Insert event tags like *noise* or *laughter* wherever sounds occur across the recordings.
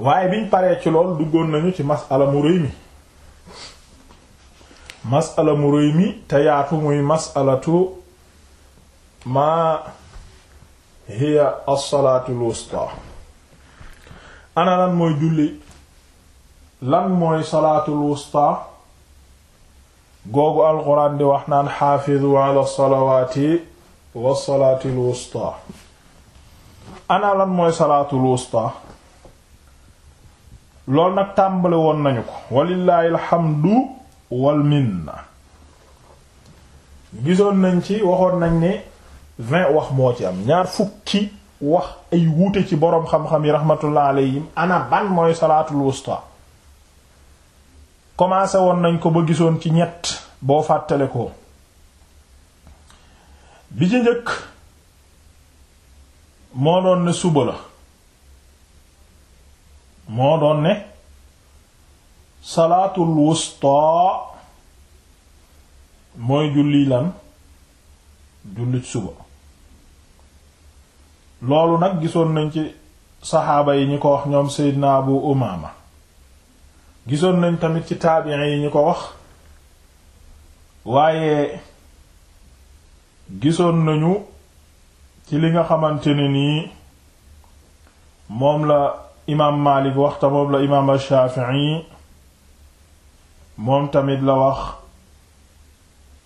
waaye biñ paree ci lool duggoon nañu ci masala mu rëy mi masala mu rëy mi te yaatu muy masalatu maa hiya as-salaatul wusta ana lan mooy julli lan mooy salaatul wusta googu alxuraan di wax naan xaafizu ala salawaati wa salaatil wusta ana lan mooy salaatul wusta lool nag tàmbali woon nañu ko walillahi alhamdu wal minna gisoon nañ ci waxoon nañ ne vingt wax moo ci am ñaar fukki wax ay wuute ci boroom xam-xam yi rahmatullah alayhim ana ban mooy salaatul wusta commencé woon nañ ko ba gisoon ci ñett boo fàttale ko bi ci njëkk moo doon ne suba la moo doon ne salaatul wusta mooy julli lan jullit suba loolu nag gisoon nañ ci saxaaba yi ñi ko wax ñoom naa bu Umaama gisoon nañ tamit ci taabiin yi ñi ko wax waaye gisoon nañu ci li nga xamante nii moom la imaam Maalik waxta moom la imaam Shaafi'i moom tamit la wax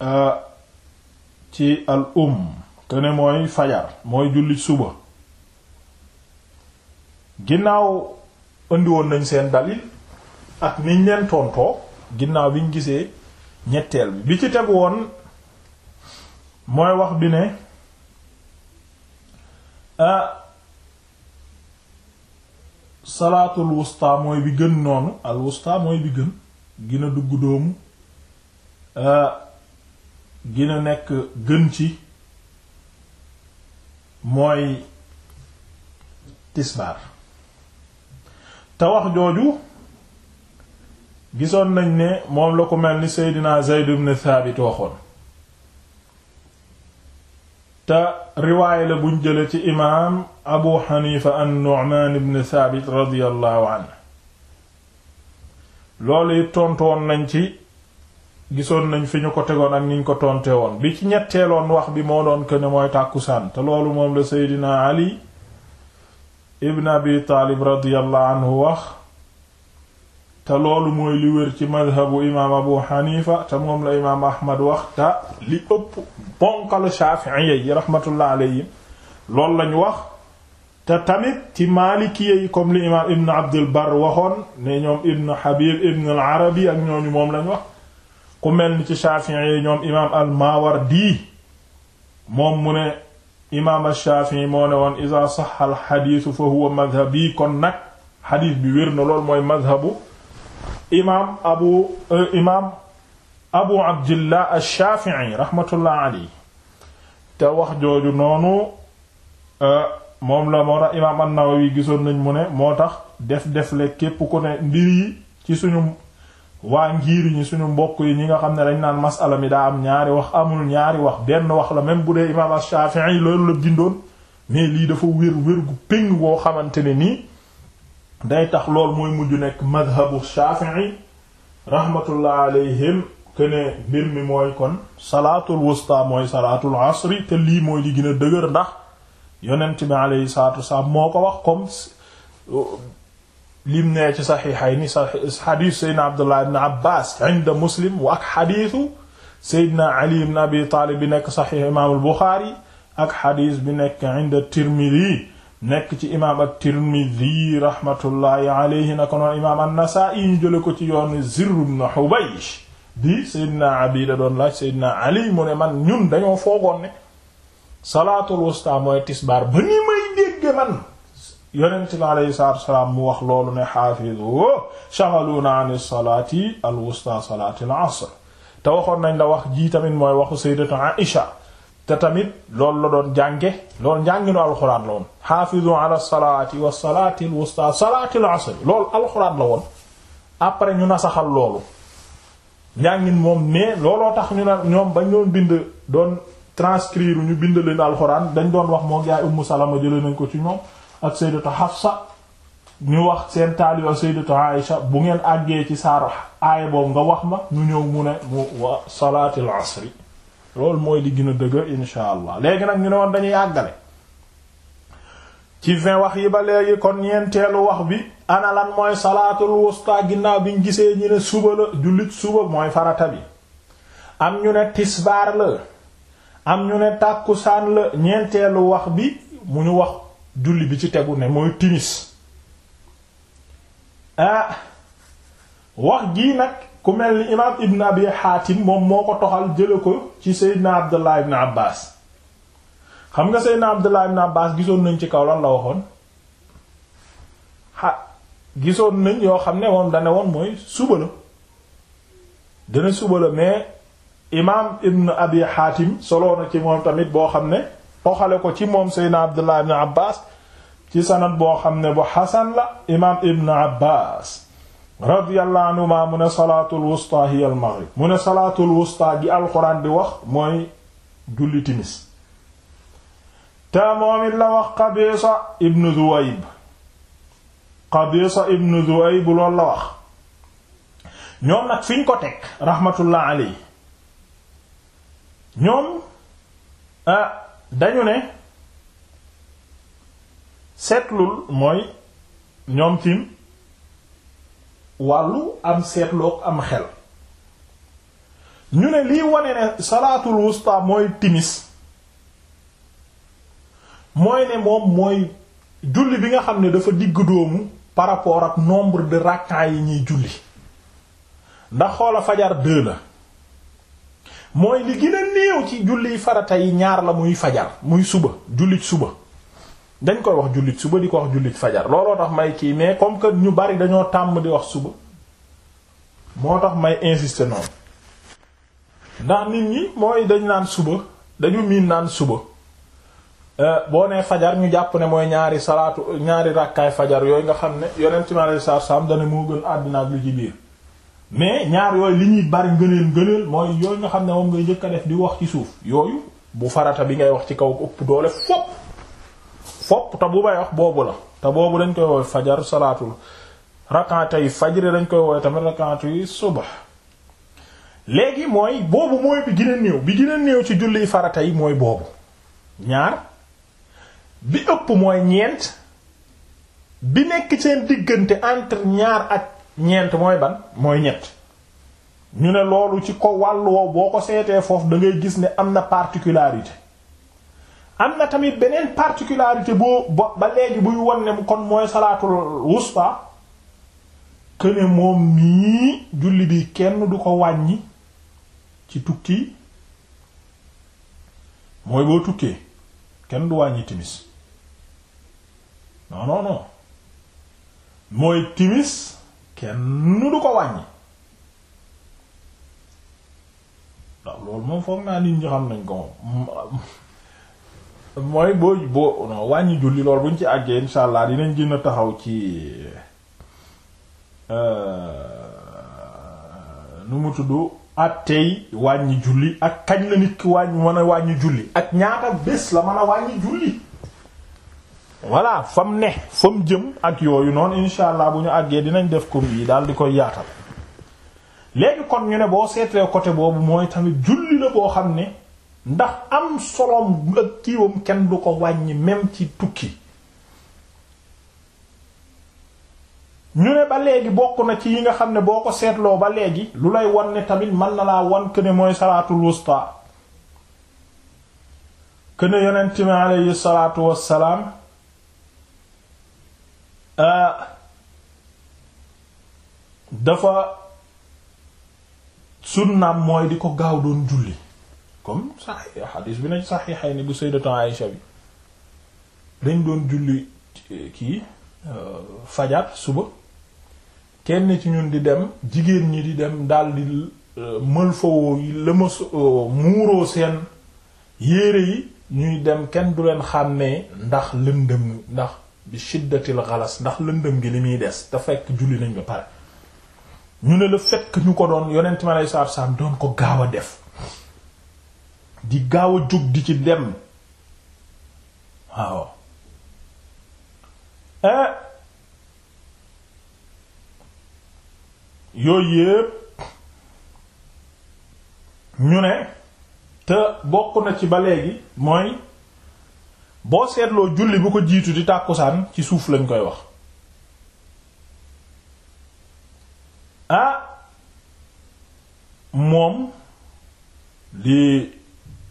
euh, ci al um te ne mooy fajar mooy julli suba ginnaaw indi nañ seen dalil ak niñ leen tontoo ginnaaw biñ gisee ñetteel bi bi ci tegu woon mooy wax bi ne euh, salaatul wusta mooy bi gën noonu al wusta mooy bi gën gina dugg doomu euh, gina nekk gën ci mooy tisbaar te wax jooju gisoon nañ ne moom la ko mel ni Seydina Zayd ibn Thabit waxoon te riwaaya la buñ jële ci imaam abu xanifa an nu'man ibn thabit radiallahu anhu loolu it tontu woon nañ ci gisoon nañ fi ñu ko tegoon ak niñ ko tontee woon bi ci ñetteeloon wax bi moo doon këne mooy tàkkusaan te loolu moom la seydina ali ibn abi taalib radiallahu anhu wax te loolu mooy li wér ci madhabu imaam abu xanifa te moom la imaam ahmad waxta li ëpp bonkalu shafi'iyya yi rahmatullah yi loolu lañu wax te tamit ci maalikiyya yi comme li imaam ibn abdul bar waxoon ne ñoom ibn habib ibn al ak ñooñu moom lañu wax ku mel ni ci shafi'iyya yi ñoom imaam al moom mu ne imaam al shafi'i moo ne woon iza sahha al xadiisu fa huwa madhabi kon nag xadiis bi wér na loolu mooy madhabu imaam abu euh, imaam abu abdillah ash-Shafi'i rahmatullah alayhi te wax jooju noonu euh, moom la moo tax imaam an-Nawawi gisoon nañ mu ne moo tax def defle képp ku ne mbir yi ci suñu waa ngir ñi suñu mbokk yi ñi nga xam ne dañ naan masala mi daa am ñaari wax amul ñaari wax benn wax la même bu dee imaam ash-Shafi'i loolu la bindoon mais lii dafa wér wér gu péng woo xamante ne nii day tax lool mooy mujj nekk madhabu Shafi'i rahmatullah alayhim kene mbir mi mooy kon salaatul wusta mooy salaatul asri te lii mooy li gën a dëgër ndax yonent bi alayhi salaatu wasalaam moo ko wax comme lim nee ci saxiixay ni xadiisu seydna abdullah ibn abbas inda muslim wa ak xadiisu seydna ali ibn abi taalib bi nekk saxiix imaamul buxaari ak xadiis bi nekk inda tirmidi nekk ci imaam at-Tirmidhi rahmatullahi alayhi na ko noon imaam an-Nasa'i ñu jële ko ci yoon Zirr ibn Hubaysh bi Seydina Abida doon laaj Seydina Ali mu ne man ñun dañoo foogoon ne salaatul wusta mooy tisbaar ba ni may dégg man yonent bi alayhi salaatu wasalaam mu wax loolu ne xaafizu shaghaluuna an salaati al wusta salaati al asr te waxoon nañ la wax ji tamit mooy waxu Sayyidatu Aïsha te tamit loolu la doon jànge loolu njànginu alxuraan la woon xaafizu ala wa salaati al wusta salaati al asr loolu alxuraan la woon après ñu na nasaxal loolu njàngin moom mais looloo tax ñu ne ñoom bañ doon bind doon transcrire ñu bind leen alxuraan dañ doon wax moom yaay ummu salama jëlee nañ ko ci ñoom ak sayyidatu Hafsa ñu wax seen taalibe ak sayyidatu bu ngeen àggee ci saar aaya boobu nga wax ma ñu ñëw mu ne mu wa salaati al loolu mooy li gën a dëgg insha allah léegi nag ñu ne woon dañuy àggale ci vingt wax yi ba léegi kon ñeenteelu wax bi ana lan mooy salaatul wusta ginnaaw biñ gisee ñu ne suba la jullit suba mooy farata bi am ñu ne tisbaar la am ñu ne tàkkusaan la ñeenteelu wax bi mu ñu wax julli bi ci tegu ne mooy timis ah wax jii nag ku mel ni imaam ibn abi xaatim moom moo ko toxal jële ko ci seydna abdullah ibn abbas xam nga seydna abdullah ibn abbas gisoon nañ ci kaw lan la waxoon ha gisoon nañ yoo xam ne moom dane woon mooy suba la dana suba la mais imaam ibn abi xaatim soloo na ci moom tamit boo xam ne toxale ko ci moom seydna abdullah ibn abbas ci sanad boo xam ne bu xasan la imaam ibn abbas radiyallahu anhuma mu ne salaatul wusta hiya al mu ne salaatul wusta gi alxuraan di wax mooy julli timis te moom la wax Qabisa ibn Duwayb Qabisa ibn Duwayb loolu wax ñoom nag fiñ ko teg rahmatullah alayhi ñoom ah, dañu ne seetlul mooy ñoom tim wàllu am seetloog am xel ñu ne lii wane ne salaatul wusta mooy timis mooy ne moom mooy julli bi nga xam ne dafa digg doomu par rapport ak nombre de rakka yi ñuy julli ndax xoola fajar deux la mooy li gën néew ci julliy farata yi ñaar la muy fajar muy suba julli suba dañ koy wax jullit suba di ko wax jullit fajar looloo tax may kii mais comme que ñu bari dañoo tàmm di wax suba moo tax may insister noonu ndax nit ñi mooy dañ naan suba dañu miin naan suba euh, boo nee fajar ñu jàpp ne mooy ñaari salaatu ñaari rakkaay fajar yooyu nga xam ne yonent mi alayhi salaatu salaam dana moo gën àddina ak lu ci mais ñaar yooyu li ñuy bari ngëneel ngëneel mooy yooyu nga xam ne moom ngay jëkk a def di wax ci suuf yooyu bu farata bi ngay wax ci kaw doole fopp fopp te bu bay wax boobu la te boobu dañ koy woowe fajar salaatul rakkaatay fajri dañ koy woowe tamit rakkaatuy suba léegi mooy boobu mooy bi gën néew bi gën a néew ci julliy farata yi mooy boobu ñaar bi ëpp mooy ñeent bi nekk seen diggante entre ñaar ak ñeent mooy ban mooy ñett ñu ne loolu ci ko wàll woow boo ko seetee foofu da ngay gis ne am na particularité am na tamit beneen particularité boo ba ba léegi buy won ne kon mooy salaatul wusta këne moom nii julli bi kenn du ko wàññi ci tukki mooy boo tukkee kenn du wàññi timis non non mooy timis kenn du ko wàññi ndax loolu moom foog naa nit ñi xam nañ ko moom mooy boo boo non wàññi julli loolu buñ ci àggee insha allah dinañ gën a taxaw ci euh, nu mu tudd àtteey wàññi julli ak kañ la nit ki wàññi mën a wàññi julli ak ñaata bés la mën a wàññi julli voilà fam ne fam jëm ak yooyu noonu insha allah bu ñu àggee dinañ def comme yi daal di koy yaatal léegi kon ñu ne boo seetee côté boobu mooy tamit julli la boo xam ne ndax am solom ak kiiwam kenn du ko wàññi même ci tukki ñu ne ba léegi bokk na ci yi nga xam ne boo ko seetloo ba léegi lu lay wan ne tamit mën na laa wan que mooy salaatul wusta que ne yonent mi aleyhi salaatu wassalaam ah, dafa sunnaam mooy di ko gaaw doon julli comme saxi xadiis bi na saxixay ni bu sayyidatu Aïsha bi dañ doon julli kii euh, fajar suba kenn ci ñun di dem jigéen ñi di dem daal di euh, mël fawoo yi lëmas euh, muuroo seen yére yi ñuy dem kenn du leen xàmmee ndax lëndëm ndax bi shiddatil xalas ndax lëndëm gi li muy des te fekk julli nañ ba pare ñu ne la fekk ñu ko doon yonent mi aleyhi salaatu salaam doon ko gaaw a def di gaaw a jóg di ci dem waaw eh yooyu yépp ñu ne te bokk na ci ba léegi mooy boo seetloo julli bu ko jiitu di tàkkusaan ci suuf lañ koy wax ah moom li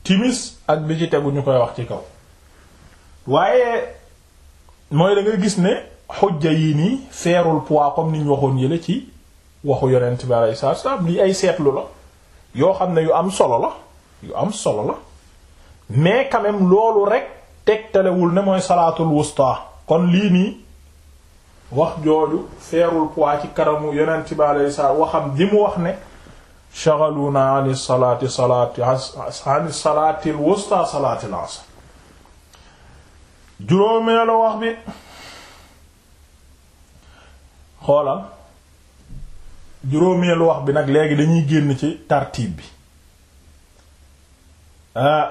timis ak bi ci tegu ñu koy wax ci kaw waaye mooy danga gis ne xujja yi nii feerul poids comme ni ñu waxoon yële ci waxu yonent bi alayhi salaatu salaam lii ay seetlu la yoo xam ne yu am solo la yu am solo la mais quand loolu rekk tegtalewul ne mooy salaatul wusta kon lii nii wax jooju feerul poids ci karamu yonent bi alayhi salaam waxam di mu wax ne shaghaluna an salaati salaati an salaatil wusta salaatil asr juróomeelu wax bi xoolal juróomeelu wax bi nag léegi dañuy génn ci tartiib bi ah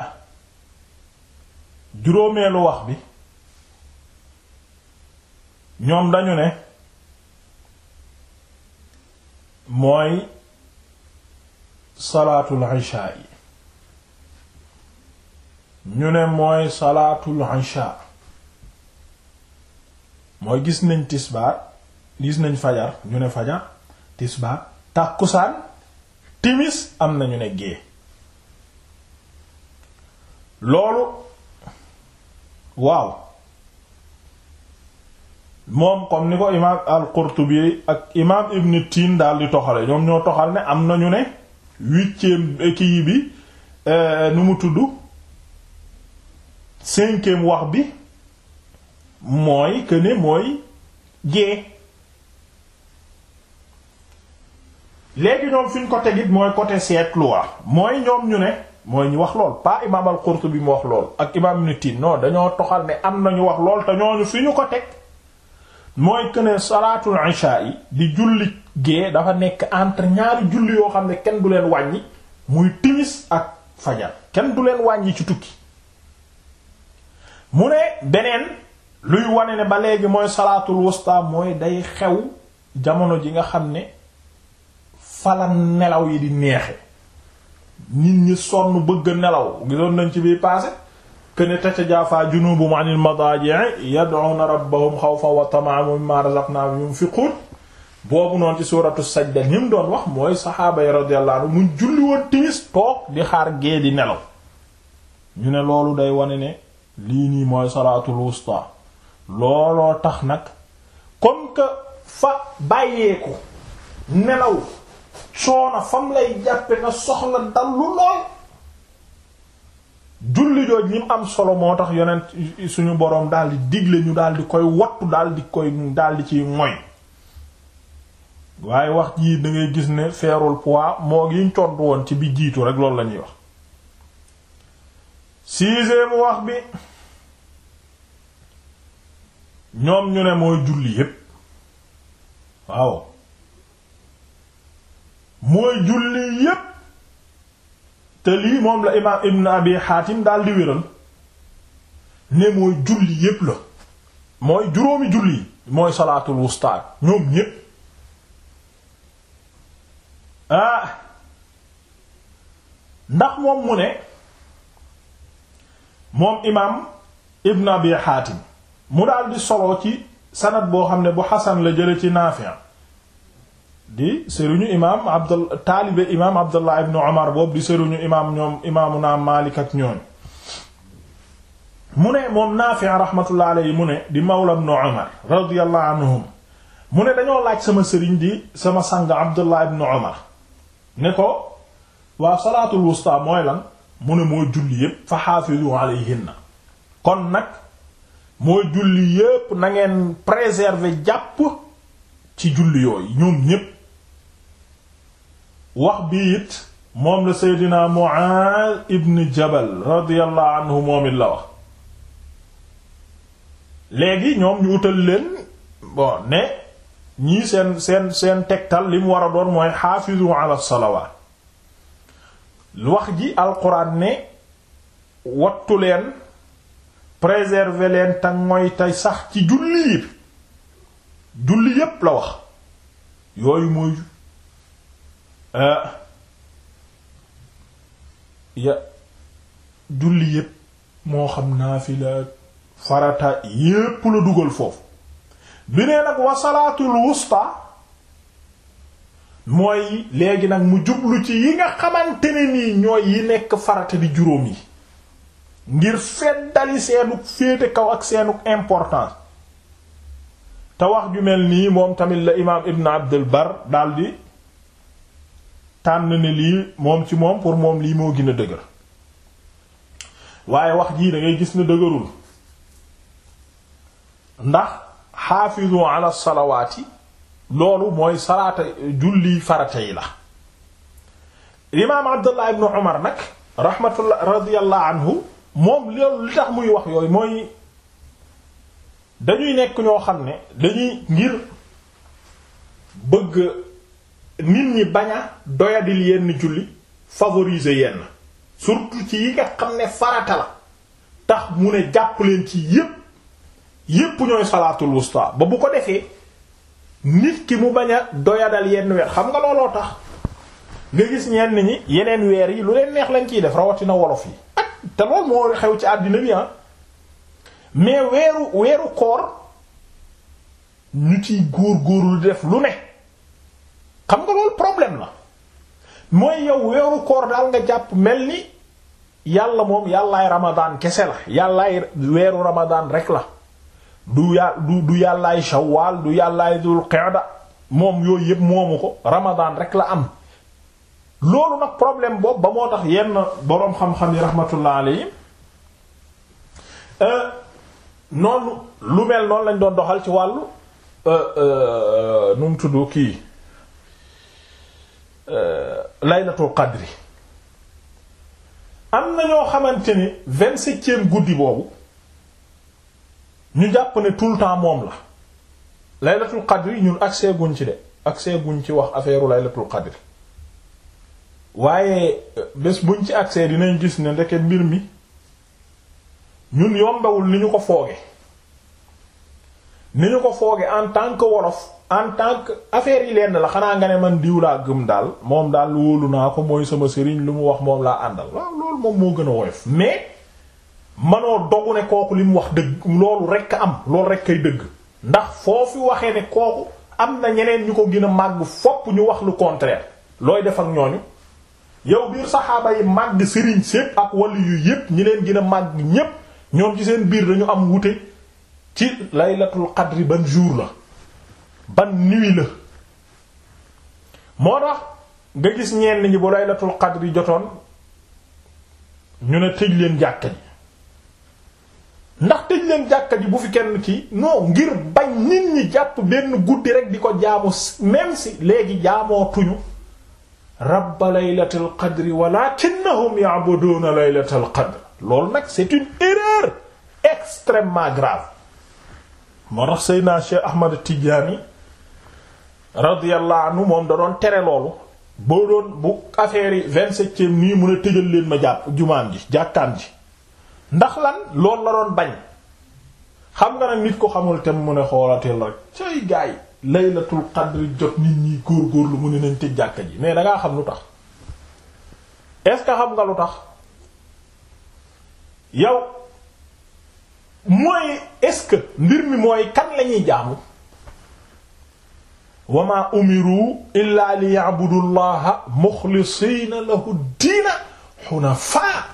juróomeelu wax bi ñoom dañu ne mooy salaatul isha yi ñu ne mooy salaatul isha mooy gis nañ tisbaar gis nañ fajar ñu ne fajar tisbaar tàkkusaan timis am na ñu ne gée loolu waaw moom comme ni ko imaam al-Qurtubi ak imaam Ibn Tin daal di toxale ñoom ñoo toxal ne am na ñu ne huitième kii bi euh, nu mu tudd cinquième wax bi mooy que ne mooy gée léegi ñoom fi ñu ko tegit mooy côté seetlu wax mooy ñoom ñu ne mooy ñu wax lool pas imaam al bi mu wax lool ak imaam Ibn Tin non dañoo toxal ne am nañu wax lool te ñooñu fi ñu ko teg mooy que ne salaatul isha yi di julli gee dafa nekk entre ñaari julli yoo xam ne kenn du leen wàññi muy timis ak fajar kenn du leen wàññi ci tukki mu ne beneen luy wane ne ba léegi mooy salaatul wusta mooy day xew jamono ji nga xam ne fala nelaw yi di neexe nit ñi sonn bëgg nelaw gisoon nañ ci biir passé këne tatajaafaa junubuhum anil madaaji'i yad'uuna rabbahum xawfan wa tama'an wa mimmaa razaqnaahum yunfiquun boobu noonu ci suuratu sajda li doon wax mooy saxaaba radiyallahu mu julli woon timis toog di xaar gee di nelaw ñu ne loolu day wane ne lii nii mooy salaatul wusta looloo tax nag comme que fa bàyyeeku nelaw coono fam lay jàppe nga soxla dallu lool julli jooj ñi am solo moo tax yeneen suñu boroom daldi digle ñu daldi koy wattu daldi koy daldi ci moy waaye wax jii da gis ne feerul poids moo giñ codd woon ci bi jiitu rek loolu la ñuy wax sixième wax bi ñoom ñu ne mooy julli yépp waaw mooy julli yépp te lii moom la imaam ibn abi xaatim daal di wéral ne mooy julli yépp la mooy juróomi julli mooy salaatul wusta ñoom ñépp ah ndax moom mu ne moom imaam ibn abi xaatim mu daal di solo ci sanad boo xam ne bu xasan la jële ci naafi' di sëriñu imaam abdul taalibe imaam abdullah ibnu omar boobu di sëriñu imaam ñoom imaamu naa maalik ak mu ne moom naafi rahmatullah alayhi mu ne di mawla ibnu omar radiyallahu mu ne dañoo laaj sama sëriñ di sama sang abdullah ibnu omar ne ko waa salaatul wusta mooy lan mu ne moo julli yépp fa xaafizu alayhinna kon nag moo julli yépp na ngeen jàpp ci julli yooyu ñoom ñépp wax bii it moom la seydina Muaaz ibn Jabal radiyallahu anhu moom it la wax léegi ñoom ñu utal leen bon ne ñii seen seen seen tegtal li mu war a doon mooy xaafizu ala lu wax ji alxuraan ne wattu leen préserver leen te mooy tey sax ci julli yi julli yépp la wax yooyu mooy Euh, ya julli yépp moo xam naafila farata yépp la dugal foofu bi nee nag wasalaatul wusta mooy léegi nag mu jublu ci yi nga xamante ne nii ñooy yi nekk farata di juróom yi ngir feddali seenu féete kaw ak seenug importance te wax ju mel nii moom tamit la imaam ibn abdul bar daldi tànn ne lii moom ci moom pour moom lii moo gin a dëgër waaye wax jii dangay gis ni dëgërul ndax xaafizu ala salawaati loolu mooy salaata julli farata yi la imaam abdullah ibnu umar nag rahmatullah radiyallahu anhu moom loolu li tax muy wax yooyu mooy dañuy nekk ñoo xam ne dañuy ngir bëgg nit ñi baña a doyadil yenn julli favoriser yenn surtout ci yi nga xam ne farata la tax mu ne jàpp leen ci yépp yépp ñooy salaatul wusta ba bu ko defee nit ki mu bañ a doyadal yenn weer xam nga looloo tax nga gis ñenn ñi yeneen weer yi lu leen neex lañ ciy def rawatina wolof yi ak te lool moo xew ci àddina bi ah mais weeru weeru koor ñu ciy góor góorlu def lu ne xam nga loolu problème la mooy yow weeru koor daal nga jàpp mel ni yàlla moom yàllaay ramadaan kese la yàllaay weeru ramadaan rek la du yà du du yàllaay shawaal du yàllaay dul qa'da moom yooyu yëpp moomu ko ramadaan rek la am loolu nag problème boobu ba moo tax yenn boroom xam-xam yi rahmatullah alayhim euh, noonu lu mel noonu lañ doon doxal ci wàllu euh, euh, nu mu tudd kii Euh, laylatul qadri am na ñoo xamante ni vingt-septième guddi boobu ñu jàpp ne tout le temps moom la laylatul qadri ñun accès guñ ci de accès guñ ci wax affaire laylatul qadri waaye euh, bés buñ ci accès dinañ gis ne ndeke mbir mi ñun yombewul ni ñu ko fooge ni ñu ko fooge en tant que wolof en tant que affaire yi lenn la xanaa nga ne man diw laa gëm daal moom daal wóolu naa ko mooy sama sëriñ lu mu wax moom laa àndal waaw loolu moom moo gën a woyof mais manoo dogu ne kooku li mu wax dëgg loolu rekk am loolu rekk kay dëgg ndax foofu waxee ne kooku am na ñeneen ñu ko gën a màgg fopp ñu wax lu contraire looy def ak ñooñu yow biir saxaaba yi màgg sëriñ sépp ak wàllu yu yépp ñi leen gën a màgg ñépp ñoom ci seen biir dañu am wute ci laylatul qadri ban jour la ban nuit la moo tax nga gis ñenn ñi bu laylatul qadri jotoon ñu ne tëj leen jàkka ji ndax tëj leen jàkka ji bu fi kenn kii non ngir bañ nit ñi jàpp benn guddi rek di ko jaamu même si léegi jaamoo tuñu rabba laylatul qadri walakinnahum ya'buduna laylatul qadr loolu nag c'est une erreur extrêmement grave moo tax Seydina Cheikh Ahmad Tidjani radiyallahu anhu moom da doon tere loolu boo doon bu affaire yi vingt-septième nii mun a tëjal leen ma jàpp jumaan ji jàkkaan ji ndax lan loolu la doon bañ xam nga nit ko xamul te mu ne xoolatil rek cay gaay laylatul qadr jot nit ñi góorgóorlu mu ne nañ tëj jàkka ji mais dangaa xam lu tax est-ce que xam nga lu tax yow mooy est-ce que mbir mi mooy kan lañuy jaamu wa maa umiru illaa li ya'budu muxlisiina lahu diina xunafaa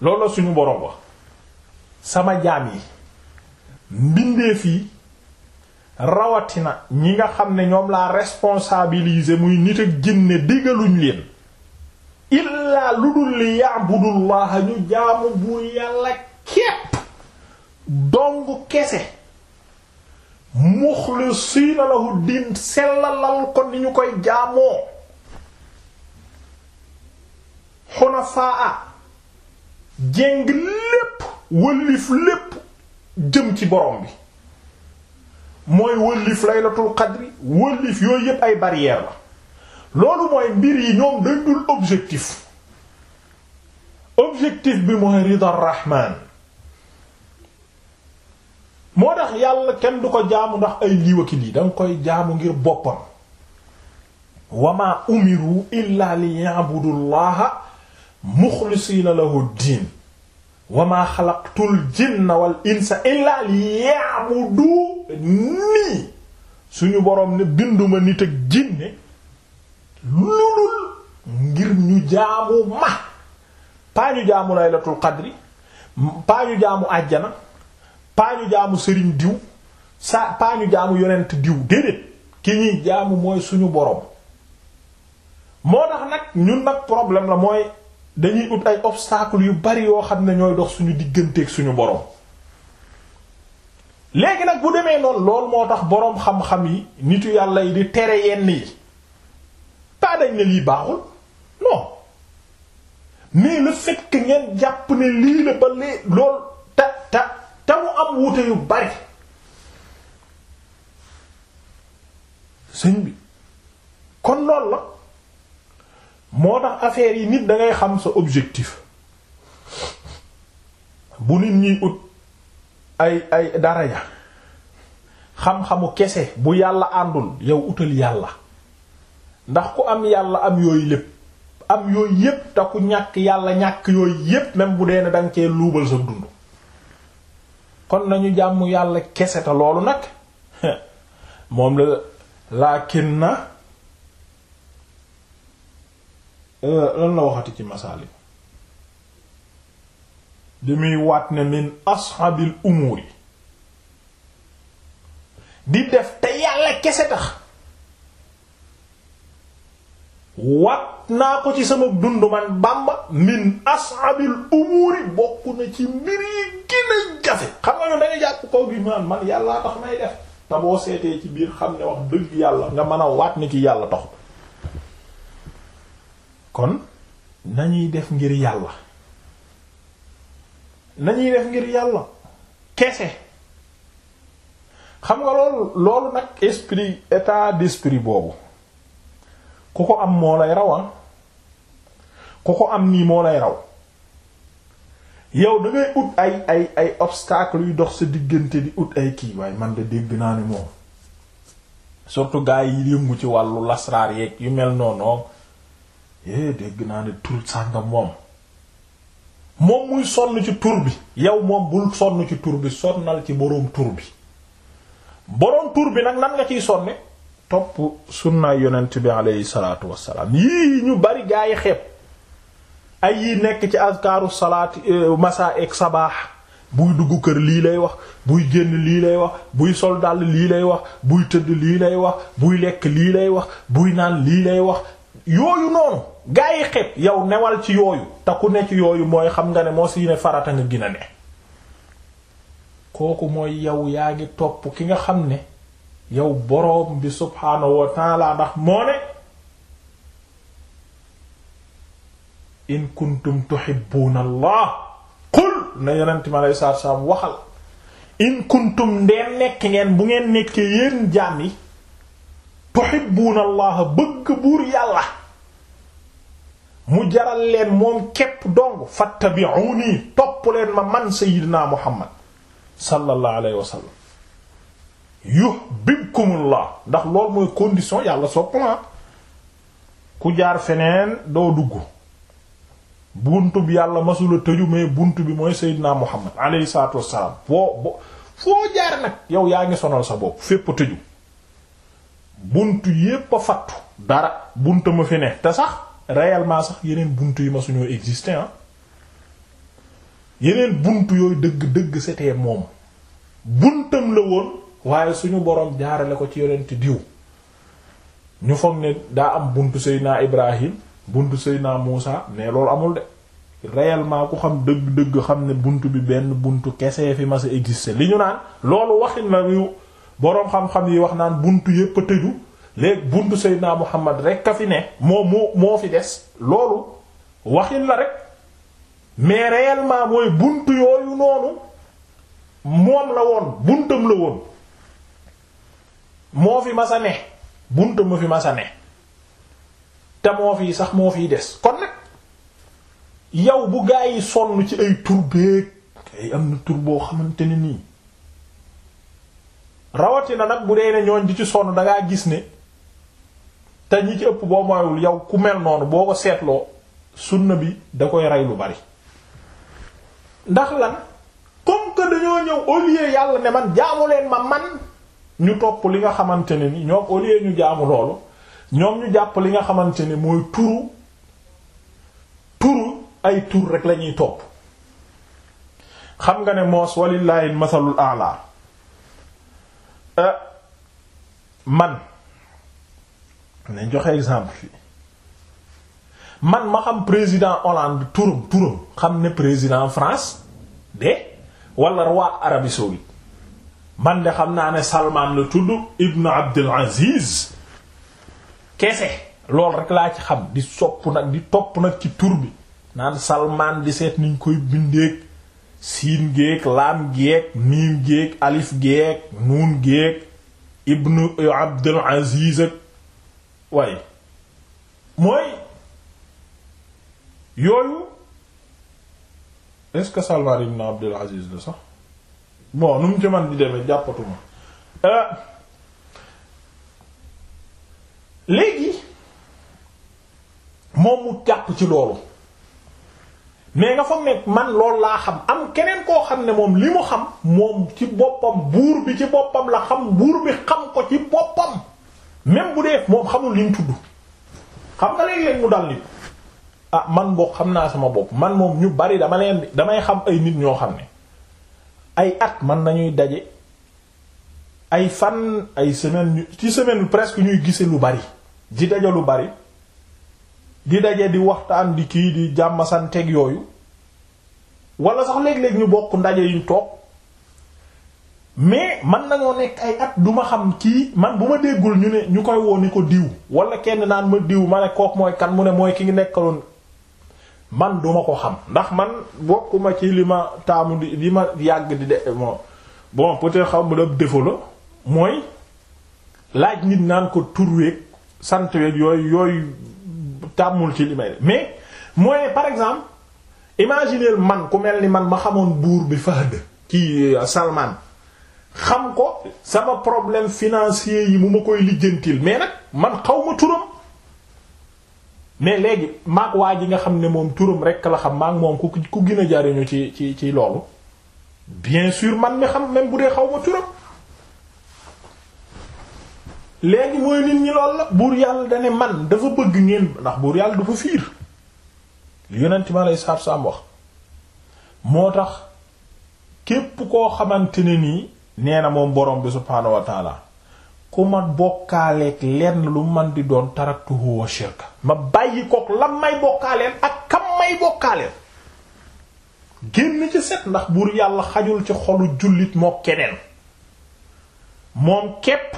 loolu la suñu boroom wax sama jaam yi mbindeef yi rawatina ñi nga xam ne ñoom laa responsabiliser muy nit ak jinne digaluñ leen illaa lu dul li ya'budu ñu jaamu bu yàlla képp dong kese muxlisiina lahu diin sellalal ko ni ñu koy jaamoo xunafaa jéng lépp wëllif lépp jëm ci borom bi mooy wëllif laylatul qadri wëllif yooyu yépp ay barrière la loolu mooy mbir yi ñoom dañ dul objectif objectif bi mooy ridar rahman moo tax yàlla kenn du ko jaamu ndax ay lii waki danga koy jaamu ngir boppam wamaa umiru illa li ya'budu llaha muxlisiina lahu diin wamaa xalaqtul jinna wal insa illa li ya'budu nii suñu boroom binduma nit ak jinne lulul ngir ñu jaamu ma paa ñu jaamu laylatul qadri paa ñu jaamu àjjana paañu jaamu sëriñ diw sa paañu jaamu yonent diw déedéet ki ñuy jaamu mooy suñu boroom moo tax nag ñun nag problème la mooy dañuy ut ay obstacle yu bari yoo xam ne ñooy dox suñu digganteeg suñu borom léegi nag bu demee noonu lool moo tax boroom xam-xam yi nitu yàlla yi di tere yenn yi pas dañ ne lii baaxul non mais le fait ngeen jàpp ne lii la ba lee lool ta ta te mu am wuute yu bari sëñ bi kon lool la moo tax affaire yi nit dangay xam sa objectif bu nit ñiy ut ay ay dara ya xam-xamu kese bu yàlla àndul yow utal yàlla ndax ku am yàlla am yooyu lépp am yooyu yépp te ku ñàkk yàlla ñàkk yooyu yépp même bu dee ne danga cee luubal sa dund kon nañu jàmm yàlla kese te loolu nag *laughs* moom la lakin na euh, lan la waxati ci masaali bi muy waat ne min asxaabil umuur yi di def te yàlla kese tax wat naa ko ci sama dund man Bamba min as'abil umuri bokk na ci mbir yi gën a jafe xam nga ñun dañu jàpp kaw gi man man yàllaa tax may def te seetee ci biir xam ne wax dëgg yàlla nga mën a waat ni ki yàlla tax kon nañuy def ngir yàlla def ngir yàlla kese xam nga loolu loolu nag esprit état d'esprit boobu ku ko am moo lay raw ah ku ko am nii moo lay raw yow da ngay ut ay ay ay obstacle yu dox sa diggante di ut ay kii waaye man de dégg naa ne moom surtout gars yi yëngu ci wàllu lasraar yeeg yu mel noonu eh dégg naa ne tur sàngam moom moom muy sonn ci tur bi yow moom bul sonn ci tur bi sonnal ci boroom tur bi boroom tur bi nag nan nga ciy sonne topp sunnaay yonent bi aleyhi salaatu wassalaam yii ñu bari gaa yi xeeb ay yi nekk ci azkaaru salaat eh, masaa ek sabaax buy dugg kër lii lay wax buy génn lii lay wax buy sol dàll lii lay wax buy tëdd lii lay wax buy lekk lii lay wax buy naan lii lay wax yooyu noonu gaa yi xeeb yow newal ci yooyu takku ku ne ci yooyu mooy xam nga ne moo si ne farata nga gina ne kooku mooy yow yaa ngi topp ki nga xam ne yow boroom bi subhaanahu wa taala ndax moo ne in kuntum tuhibbuuna allah qul na yonent mi alei saatu salaam waxal in kuntum ndeen nekk ngeen bu ngeen nekkee yéen jaam yi tuhibbuuna allah bëgg buur yàlla mu jaral leen moom képp dong fattabi'uuni topp leen ma man sayyidina muhammad sallallahu alayhi wa sallam la ndax loolu mooy condition yàlla soppala ku jaar feneen doo dugg buntu bi yàlla masula tëju mais buntu bi mooy Seydina Muhammad alayhi salaatu wassalaam boo boo foo jaar nag yow yaa ngi sonal sa bopp fépp tëju buntu yépp a fattu dara buntu ma fi ne te sax réellement sax yeneen bunt yi ma suñoo exister ah. yeneen bunt yooy dëgg dëgg c'était moom buntam la woon waaye suñu boroom jaarale ko ci yonent diw ñu foog ne daa am buntu Seydina Ibrahim buntu naa Muusa mais loolu amul de réellement ku xam dëgg-dëgg xam ne buntu bi benn buntu kese fi mas a existé li ñu naan loolu waxin la yu boroom xam yi wax naan buntu yépp a tëju léegi buntu Seydina Muhammad rek a fi ne moo moo moo fi des loolu waxin la rek mais réellement mooy bunt yooyu noonu moom la woon buntam la woon moo fi masa ne buntu mu fi masa ne te moo fi sax moo fiy des kon nag yow bu gaa yi sonn ci ay tur beeg ay am na tur boo xamante ne nii rawatina nag bu dee ne ñooñ di ci sonn dangaa gis ne te ñi ci ëpp boo moyul yow ku mel noonu boo ko seetloo sunna bi da koy rey lu bari ndax lan comme que dañoo ñëw au yàlla ne man jaamu leen ma man. ñu topp li nga xamante ne ni ñoom au lieu ñu jaamu loolu ñoom ñu jàpp li nga xamante ni mooy turu turu ay tur rek lañuy topp xam nga ne moos walillahi masalul a'la euh, man nañ joxe exemple fii man ma xam président Hollande turam turam xam ne président France de wala roi Arabie saoudite man de xam naa ne Salmaan la tudd ibnu Abdul Aziz kese loolu rek laa ci xam di sopp nag di topp nag ci tur bi naan Salmaan di seet niñ koy bindeeg siin géeg laam géeg miim géeg alif géeg nuun géeg ibnu Abdul Aziz ak waaye mooy yooyu est-ce que Salmaan ibnu Abdul Aziz la sax bon nu mu ci man di demee jàppatuma euh, léegi moom mu jàpp ci loolu mais nga foog ne man loolu laa xam am keneen koo xam ne moom li mu xam moom ci boppam buur bi ci boppam la xam buur bi xam ko ci boppam même bu dee moom xamul li mu tudd xam nga léeg-léeg mu dal nit ah man boo xam naa sama bopp man moom ñu bari dama leen damay xam ay nit ñoo xam ne ay at man nañuy daje ay fan ay semaine ci semaine presque ñuy gise lu bari di daje lu bari di daje di waxtaan di kii di jàmmasanteeg yooyu wala sax léeg-léeg ñu bokk ndaje yu toog mais man nañoo nekk ay at duma xam kii man bu ma déggul ñu ne ñu koy woo ni ko diw wala kenn naan ma diw ma ne kook mooy kan mu ne mooy ki ngi nekkaloon man duma ko xam ndax man bokkuma ci li ma taamu li ma yàgg di de bon bon peut-être xaw ma daf défaut la mooy laaj nit naan ko turweeg sant weeg yooyu yooyu tàmmul ci li may de mais mooy par exemple imaginez man ku mel ni man ma xamoon buur bi Fahd ci euh, Salman xam ko sama problème financier yi mu ma koy lijjantil mais nag man xaw ma turam mais léegi maag waa ji nga xam ne moom turam rek la xam maag moom ku ku gën a jariñu ci ci ci loolu bien sûr man mi xam même bu dee xaw ma turam léegi mooy nit ñi lool la buur yàlla dane man dafa bëgg ngeen ndax buur yàlla du dafa fiir li yonent ma lay saab saam wax moo tax képp koo xamante ni nii nee na moom borom bi subhaanahu wa ku ma bokkaaleeg lenn lu man di doon taraktuhu wa ma bàyyi kook lam may bokkaaleel ak kam may bokkaaleel génn ci set ndax buur yàlla xajul ci xolu jullit moo keneen moom képp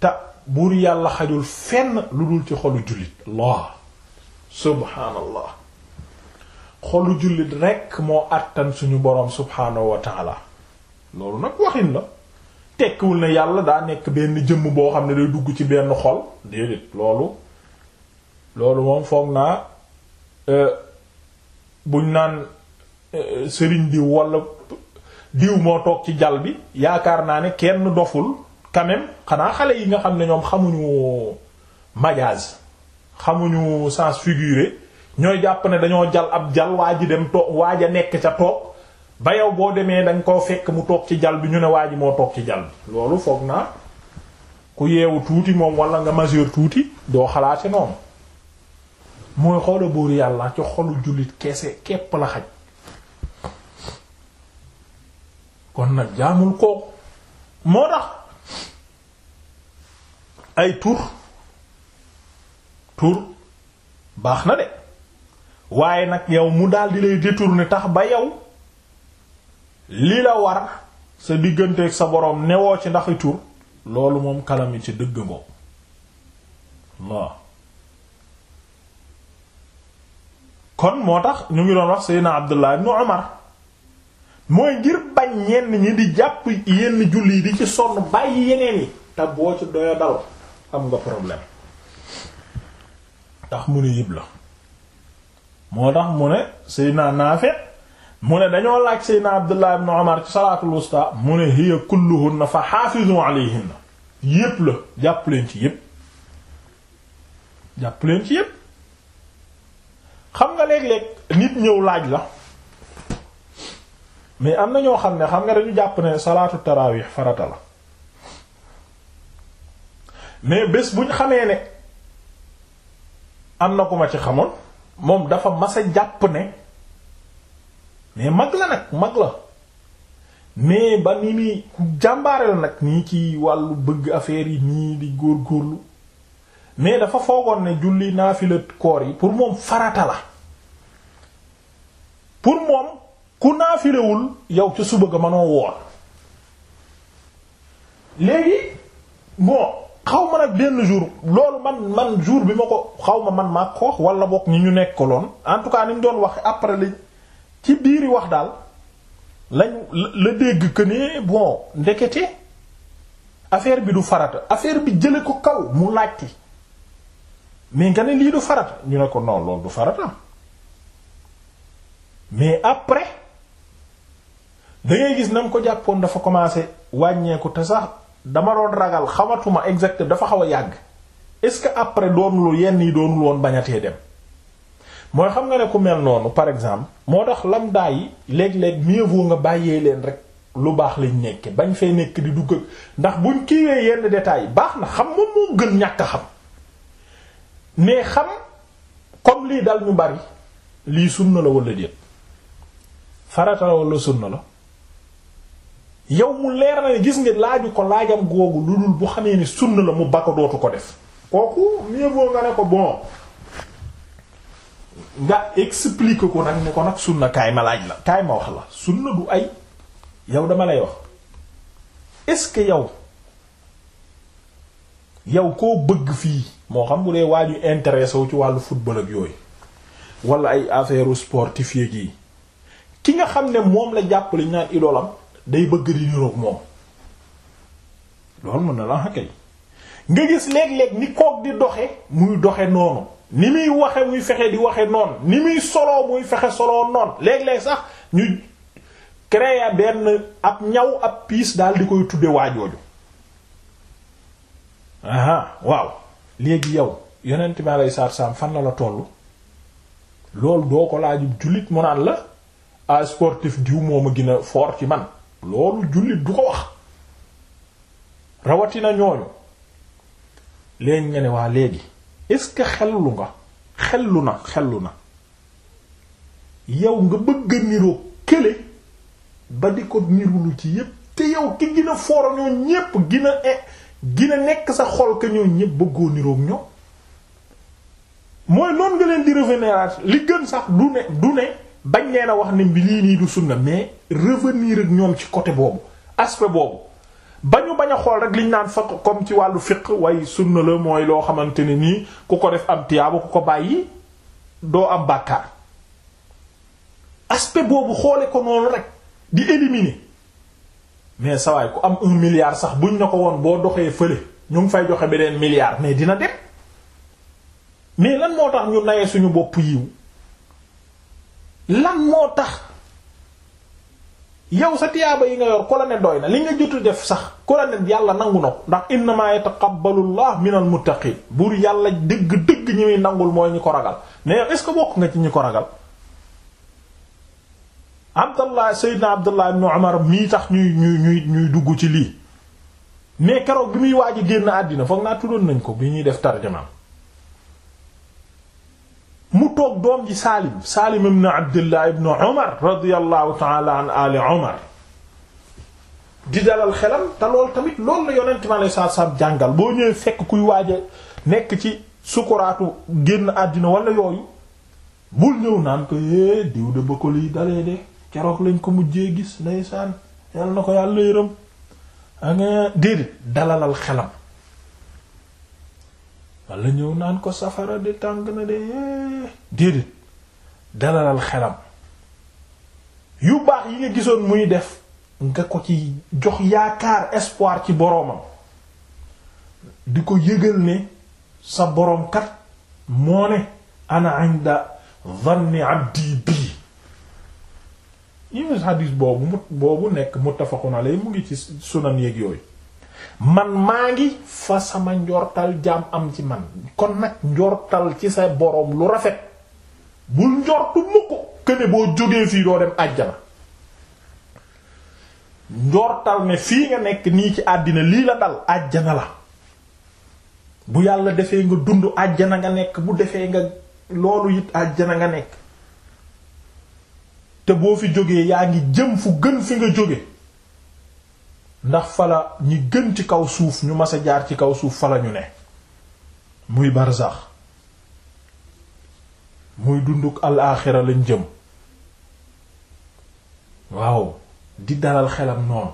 te buur yàlla xajul fenn lu dul ci xolu jullit allah subhaanallah xolu jullit rekk moo àttan suñu boroom subhaanahu loolu nag waxin la tekkiwul na yàlla daa nekk benn jëmm boo xam ne day dugg ci benn xol déedéet loolu loolu moom foog naa euh, buñ naan euh, sëriñ diw wala diw moo toog ci jal bi yaakaar naa ne kenn doful quand xanaa xale yi nga xam ne ñoom xamuñu majaaz xamuñu sens figuré ñooy jàpp ne dañoo jal ab jal waa ji dem toog waa ja nekk ca toog ba yow boo demee danga koo fekk mu toog ci jal bi ñu ne waa ji moo toog ci jal bi loolu foog naa ku yeewu tuuti moom wala nga majeur tuuti doo xalaate noonu mooy xoola buur yàlla ci xolu jullit kese képp la xaj kon nag jaamul kooku moo tax ay tur tur baax na de waaye nag yow mu daal di lay détourner tax ba yow li la war sa digganteeg sa boroom newoo ci ndaxi tur loolu moom kalami ci dëgg ngoo kon moo tax ñu ngi doon wax Seydina Abdullah ibn Umar mooy ngir bañ ñenn ñi di jàpp yenn julli yi di ci sonn bàyyi yeneen yi te boo ci doya dal am nga problème tax mu ne yëpp la moo tax mu ne Seydina Naafi mu ne dañoo laaj seydna abdullah ibn omar ci salaatul wusta mu ne hiya kulluhunna fa xaafizu alayhinna yépp la jàpp leen ci yépp jàpp leen ci yépp xam nga léeg-léeg nit ñëw laaj la mais am na ñoo xam ne xam nga dañu jàpp ne salaatu tarawih farata la mais bés buñ xamee ne am na ku ma ci xamoon moom dafa mas jàpp ne mais mag la nag mag la mais ba ni muy jàmbaare la nag nii ci wàllu bëgg affaire yi nii di góor góorgóorlu mais dafa foogoon ne julli naafila koor yi pour moom farata la pour moom ku naafilewul yow ca suba ga mënoo woor léegi bon xaw ma nag benn jour loolu man man jour bi ma ko xaw ma man maa ko wax wala bokk ñi ñu nekkaloon en tout cas ni mu doon wax après lañ. ci biiri wax daal lañ la dégg que ne bon ndekete affaire bi du farata affaire bi jële ko kaw mu laajte mais nga ne lii du farata ñu ne ko non loolu du farata mais après da ngay gis na ko jàppoon dafa commencé wàññeeku te sax dama doon ragal xamatuma exact dafa xaw a yàgg est-ce que après doonul yenn yi doonul woon bañatee dem mooy xam nga ne ku mel noonu par exemple moo tax lambda yi léeg-léeg nga bàyyee leen rek lu baax lañ nekke bañ fee nekk di dugg ndax buñ kiiwee yenn détails yi baax na xam moom moo gën ñàkk xam mais xam comme lii dal ñu bari lii sunna la wala déet farata la wala sunna la yow mu leer na gis nga laaju ko laajam googu lu dul bu xamee ne sunna la mu ba ko dootu ko def kooku mieux nga ne ko bon nga explique ko nag ne ko nag sunna kaay ma laaj la kaay ma wax la sunna du ay yow dama lay wax est-ce que yow yow koo bëgg fii moo xam bu dee waa ju intéressé wu ci wàllu football ak yooyu walla ay affaire sportif yi ki nga xam ne moom la jàppale ñu idoolam day bëgg di niroog moom loolu mën na la kay nga gis léeg-léeg ni koog di doxe muy doxe noonu ni muy waxe muy fexe di waxe noonu ni muy soloo muy fexe soloo noonu léeg-léeg sax ñu créer benn ab ñaw ab piis daal di koy tudde waajooju aha waaw léegi yow yonent bi alayhi salaatu salaam fan la la toll loolu doo ko laajub jullit mu la a sportif diw moom a gën a fort ci man loolu jullit du ko wax rawatina ñooñu léegi nga waa léegi est-ce que xellu nga xellu na xellu na yow nga bëgg a niroo kële ba di ko nirulu ci yépp te yow ki gën a foora ñoo ñépp gën a eh, gën nekk sa xol ka ñoo ñépp bëggoo niroog ñoom mooy noonu nga leen di revenir li gën sax du ne du ne bañ leen a wax ne bi lii nii du sunna mais revenir ak ñoom ci côté boobu aspect boobu ba ñu bañ a xool rek liñ naan fakk comme ci wàllu fiq way sunna la mooy loo xamante ne nii ku ko def am tiyaaba ku ko bàyyi doo am bàkkaar aspect boobu xoole ko noonu rek di éliminer mais sawaay ku am un milliard sax buñ na ko woon boo doxee fële ñu ngi fay joxe beneen milliard mais dina dem mais lan moo tax ñu naye suñu bopp yiw lan moo tax yow sa tiyaaba yi nga yor ko la ne doy na li nga jotu def sax ko la ne yàlla nangu na ko ndax innama yataqabbalu llah minal muttaqin buur yàlla dëgg-dëgg ñi muy nangul mooy ñi ko ragal mais yow est-ce que bokk nga ci ñi ko ragal abdallah sayyidna abdallah ibn amar mii tax ñuy ñuy ñuy ñuy dugg ci lii mais keroog bi muy waaj a génn àddina foog naa tuddoon nañ ko bi ñuy def tarjamaam mu toog doom ji Saalim Saalim ibn Abdullah ibn Umar radiyallahu ta'ala ali Umar di dalal xelam te loolu tamit loolu la yonent mi alayhi salaatu jàngal boo ñëwee fekk kuy waaje nekk ci sukuraatu génn àddina wala yooyu bul ñëw naan ko é eh, diw de ba ko lii dalee de keroog lañ ko mujjee gis ndeysaan yàlla na ko yàlla yërëm anga déedéet dalalal xelam walla ñëw naan ko safara de tàng na de déedéet dalalal xelam yu baax yi nga gisoon muy def nga ko ci jox yaakaar espoir ci boroomam di ko yëgal ne sa borom kat moo ne ana inda dhanni abdi bii yi nga xadiis boobu mu boobu nekk muttafaqun alayhi mu ngi ci sunan yeeg yooyu man maa ngi fa sama njortal jaam am ci man kon nag njortal ci sa boroom lu rafet bul njortu mukk këne boo jógee fii doo dem àjjana njortal ne fii nga nekk nii ci àddina lii la dal àjjana la bu yàlla defee nga dund àjjana nga nekk bu defee nga loolu it àjjana nga nekk te boo fi jógee yaa ngi jëm fu gën fi nga jóge ndax fala ñi gën ci kaw suuf ñu mas a jaar ci kaw suuf fala ñu ne muy barzax muy dunduk alaaxira lañ jëm waaw di dalal xelam noonu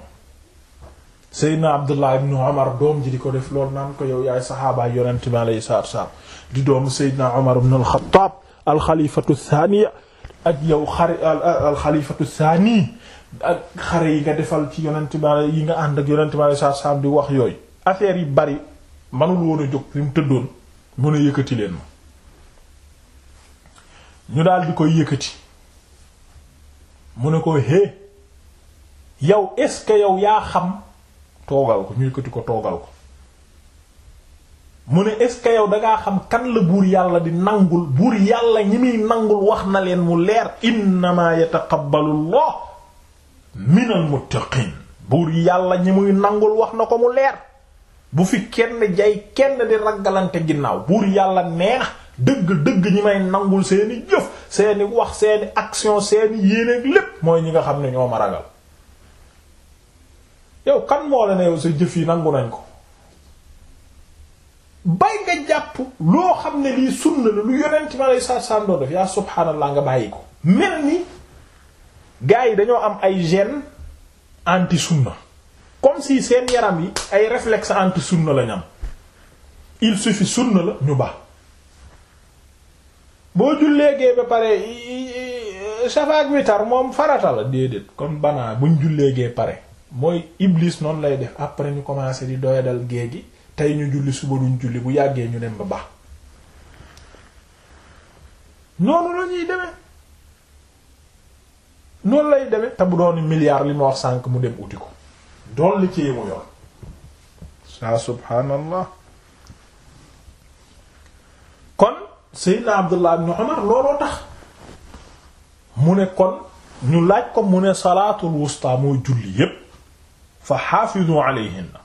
Seydina Abdullah ibn Omar doom ji di ko def loolu naan ko yow yaay saxaabaay yonent bi alayhi salaatu salaam di doomu Seydina Omar ibn al-Khattab al-xalifatu thaniya xari al thani ak xare yi nga defal ci yonent ba yi nga ànd ak yonent ba saa saam di wax yooyu affaire yi bari manul woon a jóg fi mu tëddoon mën a yëkkati leen ma ñu daal di koy yëkkati mu ne ko hé yow est-ce que yaa xam toogal ko ñu yëkkati ko toogal ko mu ne est-ce que yow dangaa xam kan la buur yàlla di nangul buur yàlla ñi muy nangul wax na leen mu leer innama yataqabbalu Allah minal muttaqin buur yàlla ñi muy nangul wax na ko mu leer bu fi kenn jay kenn di raggalante ginnaaw buur yàlla neex dëgg-dëgg ñi may nangul seeni jëf seeni wax seeni action seeni yéeneeg lépp mooy ñi nga xam ne ñoo ma ragal yow kan moo la ne yow sa jëf yi nangu nañ ko bay nga jàpp loo xam ne lii sunna la lu yonent mi alei satu def yaa subhaanallah nga bàyyi ko mel ni gars yi dañoo am ay gène anti sunna comme si seen yaram yi ay réflexe anti sunna lañ am il suffit sunna la ñu baax boo jullee gee ba pare safaak witar moom farata la déedéet kon banaa buñ jullee gee pare mooy iblis noonu lay def après ñu commencé di doyadal gée gi tey ñu julli suba duñ julli bu yàggee ñu dem ba baax noonu lañuy demee noonu lay demee te bu doon milliard li ma wax sànq mu dem uti ko doon li ci mu yoon saa subhaanallah kon Seydina Abdullah ibn Umar looloo tax mu ne kon ñu laaj ko mu ne salaatul wusta mooy julli yépp fa xaafizu alayhinna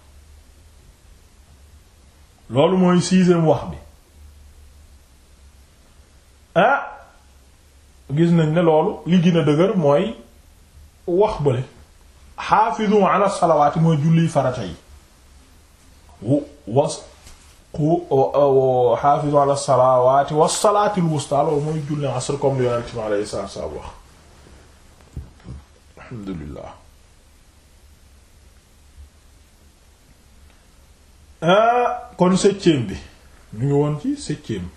loolu mooy sixième wax bi ah gis nañ ne loolu li gën dëgër mooy wax bële xaafizu ala salawaati mooy julli farata yi was ku xaafizu ala salawaati was salaatil loolu mooy julli asr comme li yonent mi alayhi salaatu wax alhamdulillah ah, kon septième bi ñu ngi woon ci septième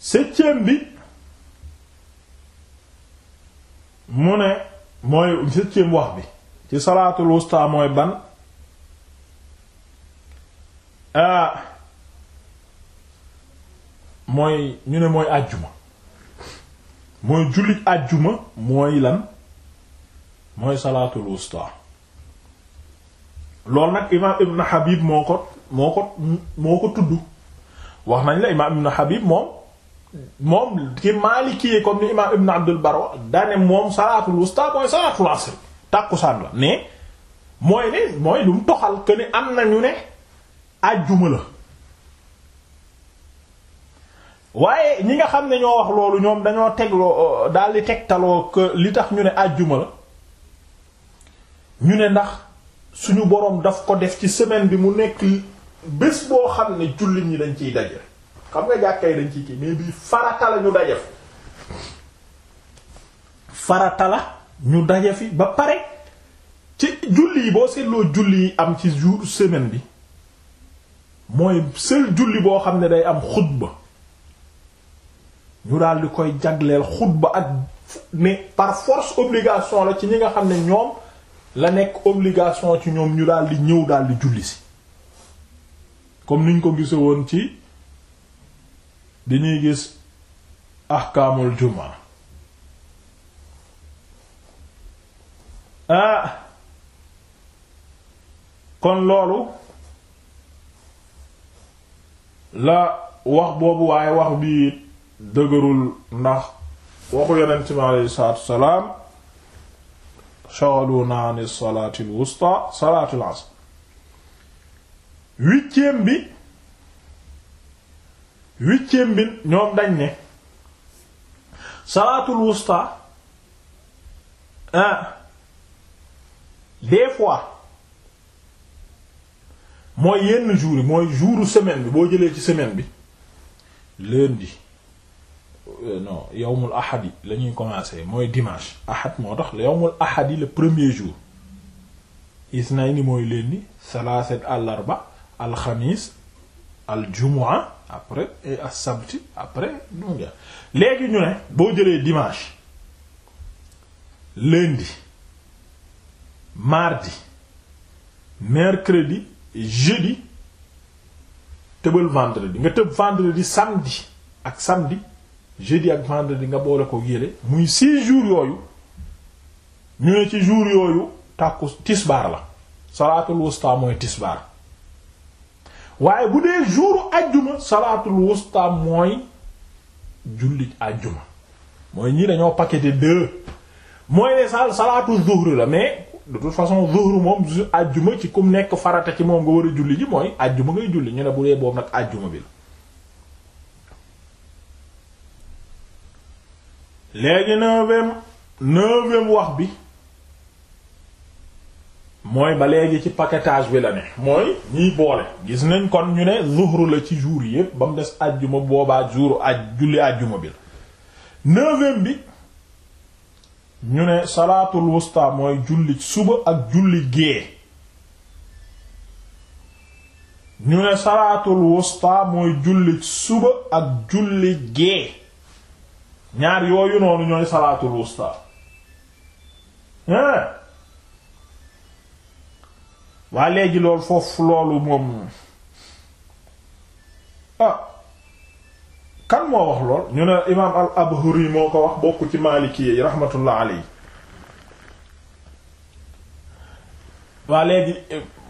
septième bi mu ne mooy septième wax bi ci salaatul wusta mooy ban ah mooy ñu ne mooy àjjuma mooy julli àjjuma mooy lan mooy salaatul wusta loolu nag imaam ibn Habib moo ko moo ko moo ko tudd wax nañ la imaam ibn Habib moom moom ci Maliki comme ni imaam Ibn Abdul Barwa dane moom salaatul wusta mooy salaatul asr tàkkusaan la mais mooy ne mooy lu toxal que ne am na ñu ne àjjuma la waaye ñi nga xam ne ñoo loolu ñoom dañoo tegloo daal di tegtaloo li tax ñu ne àjjuma la ñu ne ndax suñu boroom daf ko def ci semaine bi mu nekk bés boo xam ne jullit ñi dañ ciy daje. xam nga jàkkay dañ ci kii mais bii farata ñu daje fi ñu daje fi ba pare ci julli yi boo seetloo julli yi am ci jour semaine bi mooy seul julli boo xam ne day am xutba ñu daal di koy jagleel xutba ak ne par force obligation la ci ñi nga xam ne ñoom la nekk obligation ci ñoom ñu daal di ñëw daal di julli si comme niñ ko gise woon ci dañuy gis ahkaamul jumaa ah, kon loolu la wax boobu waaye wax bi dëgërul ndax waxu yonent bi aleyhi salaatu wasalaam shaghaluna an salaati wusta salaatu al asr bi huitième bi ñoom dañ ne salaatul wusta ah des fois mooy yenn jours yi mooy jouru semaine bi boo jëlee ci semaine bi lundi euh, non yawmul ahad yi la commencer mooy dimanche ahad moo tax yawmul ahad yi le premier jour isnayni mooy lundi al àllarba alxamis aljumua après et as-sabti après donc léegi ñu ne boo jëlee dimanche lundi mardi mercredi jeudi tëbal vendredi nga tëb vendredi samedi ak samedi jeudi ak vendredi nga boole ko yële muy six jours yooyu ñu ne ci jours yooyu tàkku tisbaar la salaatul wusta mooy tisbaar waaye bu dee jouru ajjuma salaatul wusta mooy jullit ajjuma mooy ñii dañoo paqueté deux mooy ne sa salaatu zuhru la mais de toute façon zuhru moom ajjuma ci kum nekk farata ci moom nga war a julli ji mooy ajjuma ngay julli ñu ne bu dee boobu nag ajjuma bi la léegi neuvième neuvième wax bi mooy ba léegi ci paquetage bi la ne mooy ñiy boole gis nañ kon ñu ne zuhru la ci jour yépp ba mu des àjjuma boobaa jouru aj julli àjjuma bi la neuvième bi ñu ne salaatul wusta mooy julli suba ak julli gée ñu ne salaatul wusta suba ak julli gée ñaar yooyu noonu ñooy salaatul wusta hein waa léegi loolu foofu loolu moom ah, kan moo wax lool ñu ne imaam al abhuri moo ko wax bokk ci maaliki yi rahmatullah alayhi waa léegi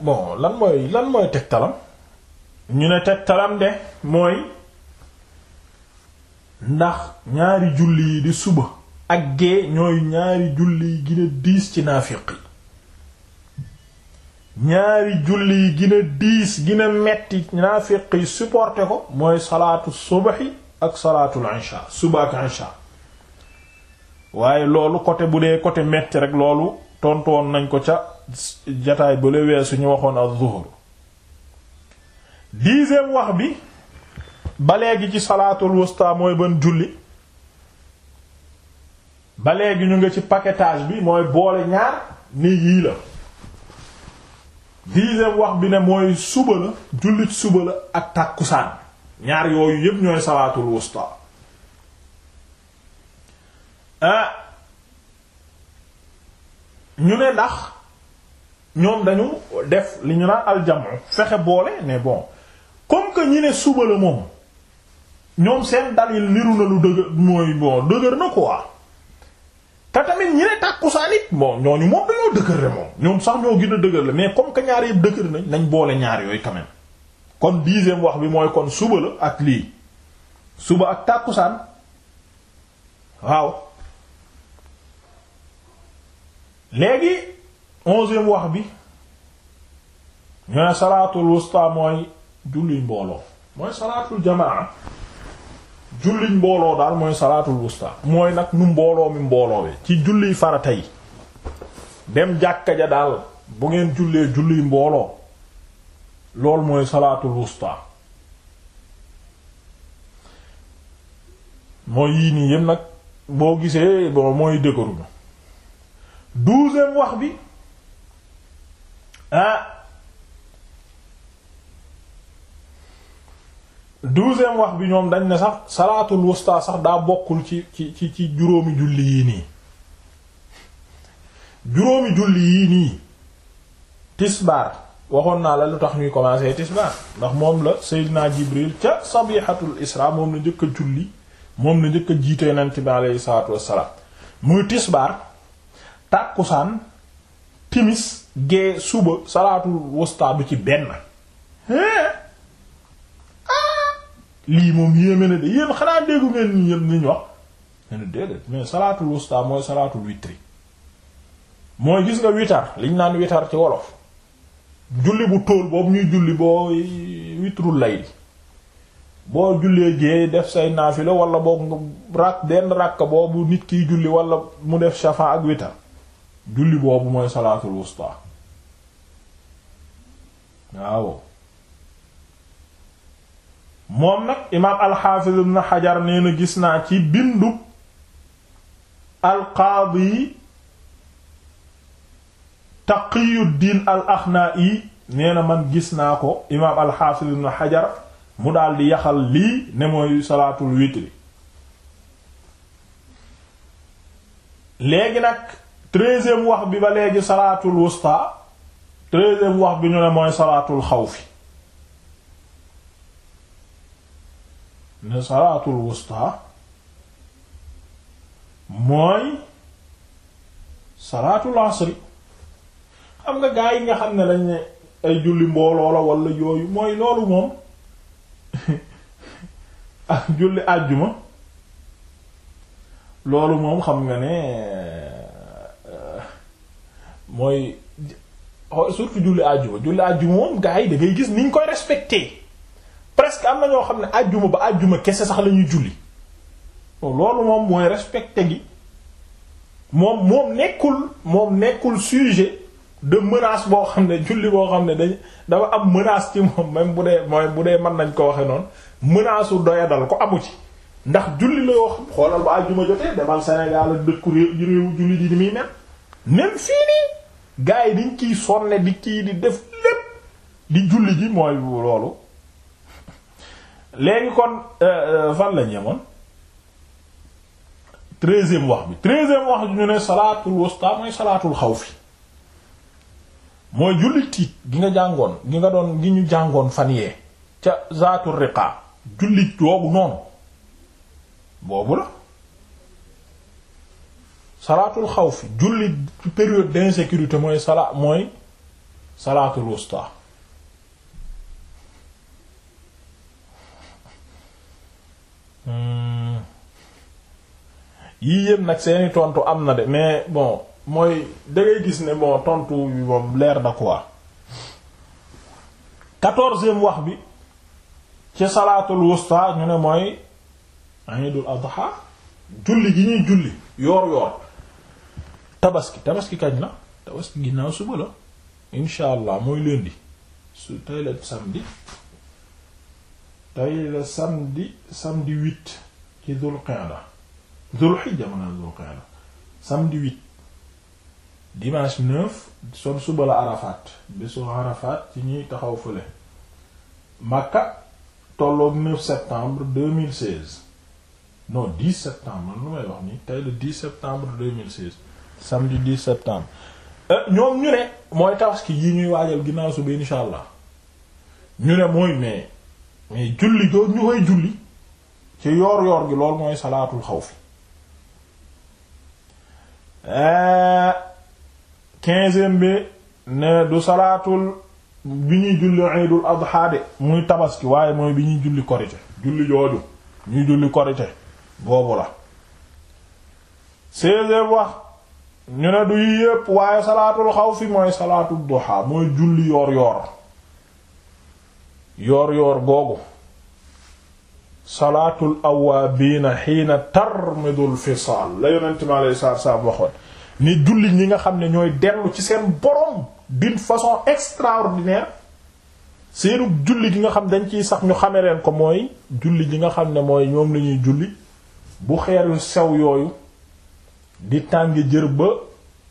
bon lan mooy lan mooy tegtalam ñu ne tegtalam de mooy ndax ñaari julli yi di suba ak gee ñooy ñaari julli yi gën diis ci naafiq yi ñaari julli yi gina diis gina metti naafiq yi supporté ko mooy salaatu subaxi ak salaatul insha suba ak insha waaye loolu côté bu dee côté metti rek loolu tontu nañ ko ca jataay ba la weesu waxoon az-zuhr dixième wax bi ba léegi ci salaatul wusta mooy ban julli ba léegi ñu nga ci paquetage bi mooy boole ñaar ni yii la dixième wax bi ne mooy suba la jullit suba la ak tàkkusaan ñaar yooyu yépp ñooy salaatul wusta ah ñu ne ndax ñoom dañu def li ñu naan aljamu fexe boole mais bon comme que ñi ne suba la moom ñoom seen dalil niru na lu dëgër mooy dëgër na quoi te tamit ñi ne tàkkusaan it bon ñooñu moom dañoo dëgër le moom ñoom sax ñoo gën a dëgër le mais comme que ñaar yëpp dëgër nañ nañ boole ñaar yooyu quand kon dixième wax bi mooy kon suba la ak lii suba ak tàkkusaan waaw léegi onzième wax bi ñu ne salaatul wusta mooy julli mbooloo mooy salaatul jamaa julliñ mbooloo daal mooy salaatul wusta mooy nag nu mbooloo mi mbooloowee ci julliy farata yi dem jàkka ja daal bu ngeen jullee julliy mbooloo loolu mooy salaatul wusta mooy yii nii yëpp nag boo gisee bon mooy dëgëruñu douzième wax bi ah douzième wax bi ñoom dañ ne sax salaatul wusta sax daa bokkul ci ci ci ci juróomi julli yii nii juróomi julli yii nii tisbaar waxoon naa la lu tax ñuy commencer tisbaar ndax moom la Seydina Jibril ca sabihatul isra moom la njëkk a julli moom la njëkk a jiite yonent bi aleyhi salaatu wassalaam muy tisbaar tàkkusaan timis gee suba salaatul wusta du ci benn lii moom yéeme na de yéen xanaa déggu ngeen ñun ñëpp niñ wax ne déedéet mais salaatul wusta mooy salaatul witri mooy gis nga witar liñ naan witar ci wolof julli bu tóol boobu ñuy julli boo witrul lay boo jullee gée def say naafila wala boog nga ràkk benn ràkk boobu nit kiy julli walla mu def shafa ak witar julli boobu mooy salaatul wusta waaw moom nag imaam alxaafiz ibn xajar nee na gis naa ci bindu alqaadi taqiyuddin al axnaa'i nee na man gis naa ko imaam alxaafiz ibn xajar mu daal di yaxal lii ne mooy salaatul witri léegi nag treizième wax bi ba léegi salaatul wusta treizième wax bi ñu ne mooy salaatul xawfi ne salaatul wusta mooy salaatul asri xam nga gaa yi nga xam ne dañ ne ay julli mbooloo la wala yooyu mooy loolu moom *laughs* julli àjjuma loolu moom xam nga ne mooy surtout julli àjjuma julli àjjuma moom gaa yi da gis niñ koy respecté presque am na ñoo xam ne àjjuma ba àjjuma kese sax la ñuy julli loolu moom mooy respecte gi moom moom nekkul moom nekkul sujet de menace boo xam ne julli boo xam ne dañ daw am menace ci moom même bu dee mooy bu dee mën nañ ko waxe noonu menace u doyadal ko amu ci ndax julli la yoo xam xoolal ba àjjuma jotee demal Sénégal ak dëkku réew julli di ni muy mel même fii nii gars yi diñ kiy sonne di kii di def lépp di julli ji mooy loolu léegi kon euh, euh, fan lañ yemoon treizième wax bi treizième wax bi ñu ne salaatul wusta mooy salaatul xawfi mooy julli tiit gi nga jàngoon gi nga doon gi ñu jàngoon fan yee ca zaatul riqaa julli joogu noonu boobu la salaatul xawfi julli période d'insécurité mooy salaa mooy salaatul wusta Hmm. yii yépp nag seeni tontu am na de mais bon mooy dangay gis ne bon tontu bi moom leer na quoi quatorzième wax bi ci salaatul wusta ñu ne mooy iidul adha julli gi ñuy julli yoor yoor tabaski tabaski kañ na tabaski ginnaaw suba la incha allah mooy lundi su tey la tey la samedi samedi huit ci Dul Qa'da Dul Hijja maanaam Dul Qa'da samedi huit dimanche neuf suba la Arafat bésu Arafat ci ñuy taxaw fële Makka tolloog 9 septembre 2016 non 10 septembre nu may wax ni tey le septembre 2016 samedi 10 septembre euh, ñoom ñu ne mooy tabaski yi ñuy waajal ginnaaw suba insha allah ñu ne mooy mais mais julli jooju ñu koy julli ci yoor yoor gi loolu mooy salaatul xawf euh, quinzième bi ne du salaatul bi ñuy julli iidul adha de muy tabaski waaye mooy bi ñuy julli korite julli jooju ñuy julli korite boobu la seizième wax ñu ne du waaye salaatul xawfi mooy salaatul duha mooy julli yoor yoor yoor yoor googu salaatul awaabiina xiina tarmidul fisaal la yonent mi alayhi salaatu salaam waxoon ni julli ñi nga xam ne ñooy dellu ci seen borom d'une façon extraordinaire seenu julli gi nga xam dañ ciy sax ñu xame ko mooy julli gi xam ne mooy ñoom la ñuy julli bu xeeru sew yooyu di tàng jër ba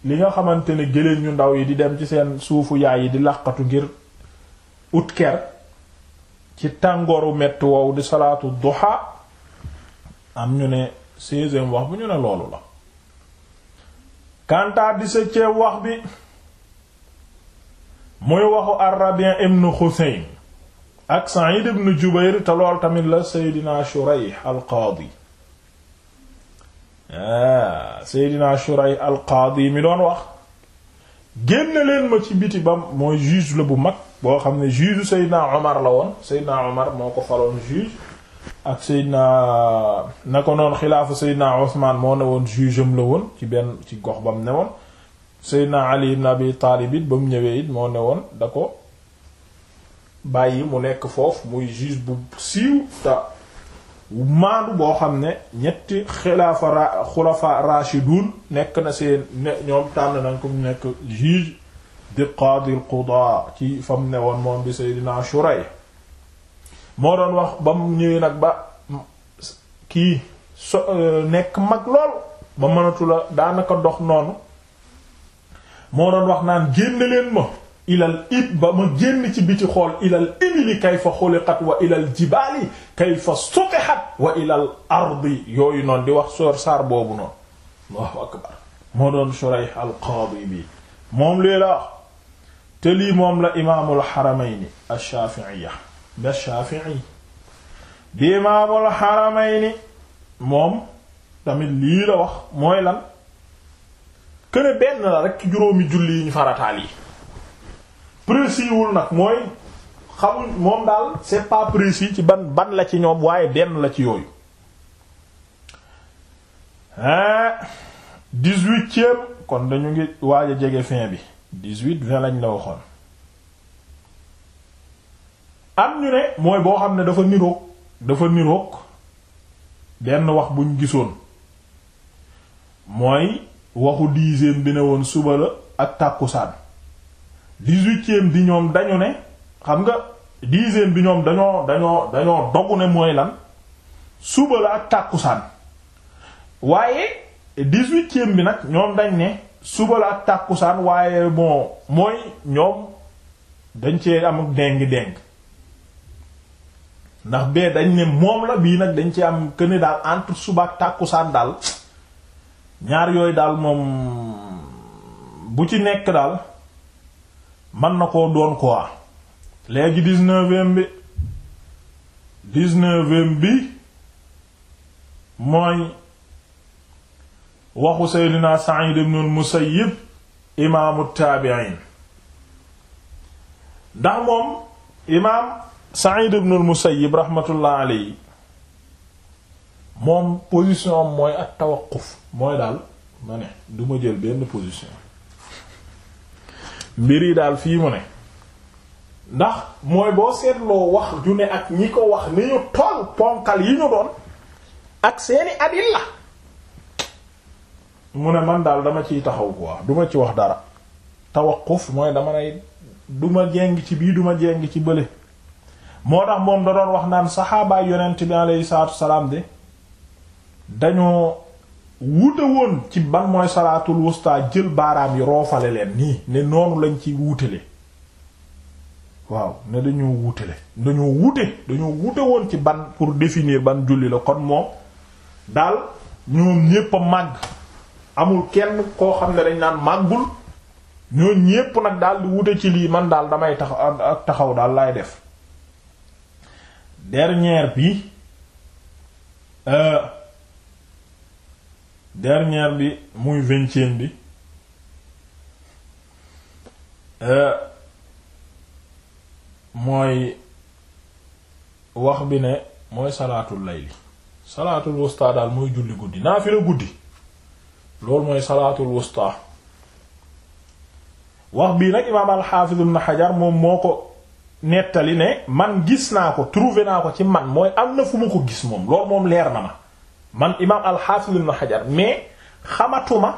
li nga xamante ne gëléen ñu ndaw yi di dem ci seen suufu yaay yi di làqatu ngir ut ci tàngooru metti wow di salaatu duha am ñu ne seizième wax bu ñu ne loolu la kantaa dix-septième wax bi muy waxu Ar-Rabi' ibn Xuseyn ak Sa'id ibn Jubayr te lool tamit la Seydina Shurayh al-Qaadi a ah, Seydina Shurayh al-Qaadi mi doon wax génn ma ci biti ba mooy juge la bu mag boo xam ne juge Seydina Omar la woon Seydina Omar moo ko faloon juge ak Seydina na ko noon xilaafa Seydina Ousmane moo ne woon juge am la woon ci benn ci gox ba mu ne woon Seydina Ali ibn Abi Taalib it ba ñëwee it moo ne woon da ko bàyyi mu nekk foofu muy juge bu siiw te maandu boo xam ne ñetti xilaafa xulafa rashidun nekk na seen ñoom tànn nañ ko mu nekk di qaadi al qudaa ci fam ne woon moom bi seydinaa Shurayh moo doon wax ba mu ñëwee nag ba kii euh, nekk mag lool ba mënatula daanaka dox noonu moo doon wax naan génn leen ma ilal ib ba ma génn ci biti xool ilal ibili kayfa xuliqat wa ilal jibaali kayfa suqihat wa ilal ardi yooyu noonu di wax soor saar boobu noon allahu akbar moo doon Shurayh al qaadi bi moom lii te lii moom la imaamul xaramayni ash-Shaafi'iyya da Shaafi'i di imaamul xaramayni moom tamit lii la wax mooy lan këne benn la rek juróomi julli yi farataal yi précis wul nag mooy xamul moom daal c'est pas ci ban ban la ci ñoom waaye benn la ci yooyu hein dix kon dañu ngi waaj a jege fin bi dix-huit vingt lañ la waxoon am ñu ne mooy boo xam ne dafa niroog dafa niroog benn wax buñ gisoon mooy waxu dixième bi ne woon suba la ak tàkkusaan dix-huitième bi ñoom dañu ne xam nga dixième bi ñoom dañoo dañoo dañoo dogu ne mooy lan suba la ak tàkkusaan waaye dix-huitième bi nag ñoom dañ ne suba ak tàkkusaan waaye bon mooy ñoom dañ cee am déng-déng ndax bee dañ ne moom la bii nag dañ ci am këne daal entre suba ak tàkkusaan daal ñaar yooyu daal moom bu ci nekk daal mën na ko doon quoi léegi dix-neuvième bi dix bi mooy waxu seydina Sa'id ibn al-Musayyib imaamu taabi'iin ndax moom imaam Sa'id ibn al-Musayyib rahmatullah moom position mooy ak tawaqquf mooy daal ma ne du jël benn position mbir yi daal fii mu ne ndax mooy boo seetloo wax ju ne ak ñi ko wax ni ñu toll ponkal yi ñu doon ak seeni adilla mu ne man daal dama ciy taxaw quoi du ma ci wax dara tawaquf mooy dama nay du ma ci bii du ma jéng ci bële moo tax moom da doon wax naan saxaabaay yonent bi alayhi salaatu salaam de dañoo wuute woon ci ban mooy salaatul jël baaraam yi lañ ci wuutele waaw ne dañoo wuutele wuute dañoo wuute woon ci ban pour définir ban julli la kon moom daal ñoom ñépp màgg amul kenn koo xam ne dañ naan màggul ñooñ yépp nag daal di wute ci lii man daal damay tax ak taxaw daal laay def dernière bi euh bi muy vingtième bi euh mooy wax bi ne mooy salaatul layli salaatul wusta daal mooy julli guddi naa fi la guddi loolu mooy salaatul wusta wax bii nag imaam alxaafiz ibn xajar moom moo ko nettali ne man gis naa ko trouvé naa ko ci man mooy am na fu ma ko gis moom loolu moom leer na ma man imaam alxaafiz ibn xajar mais xamatuma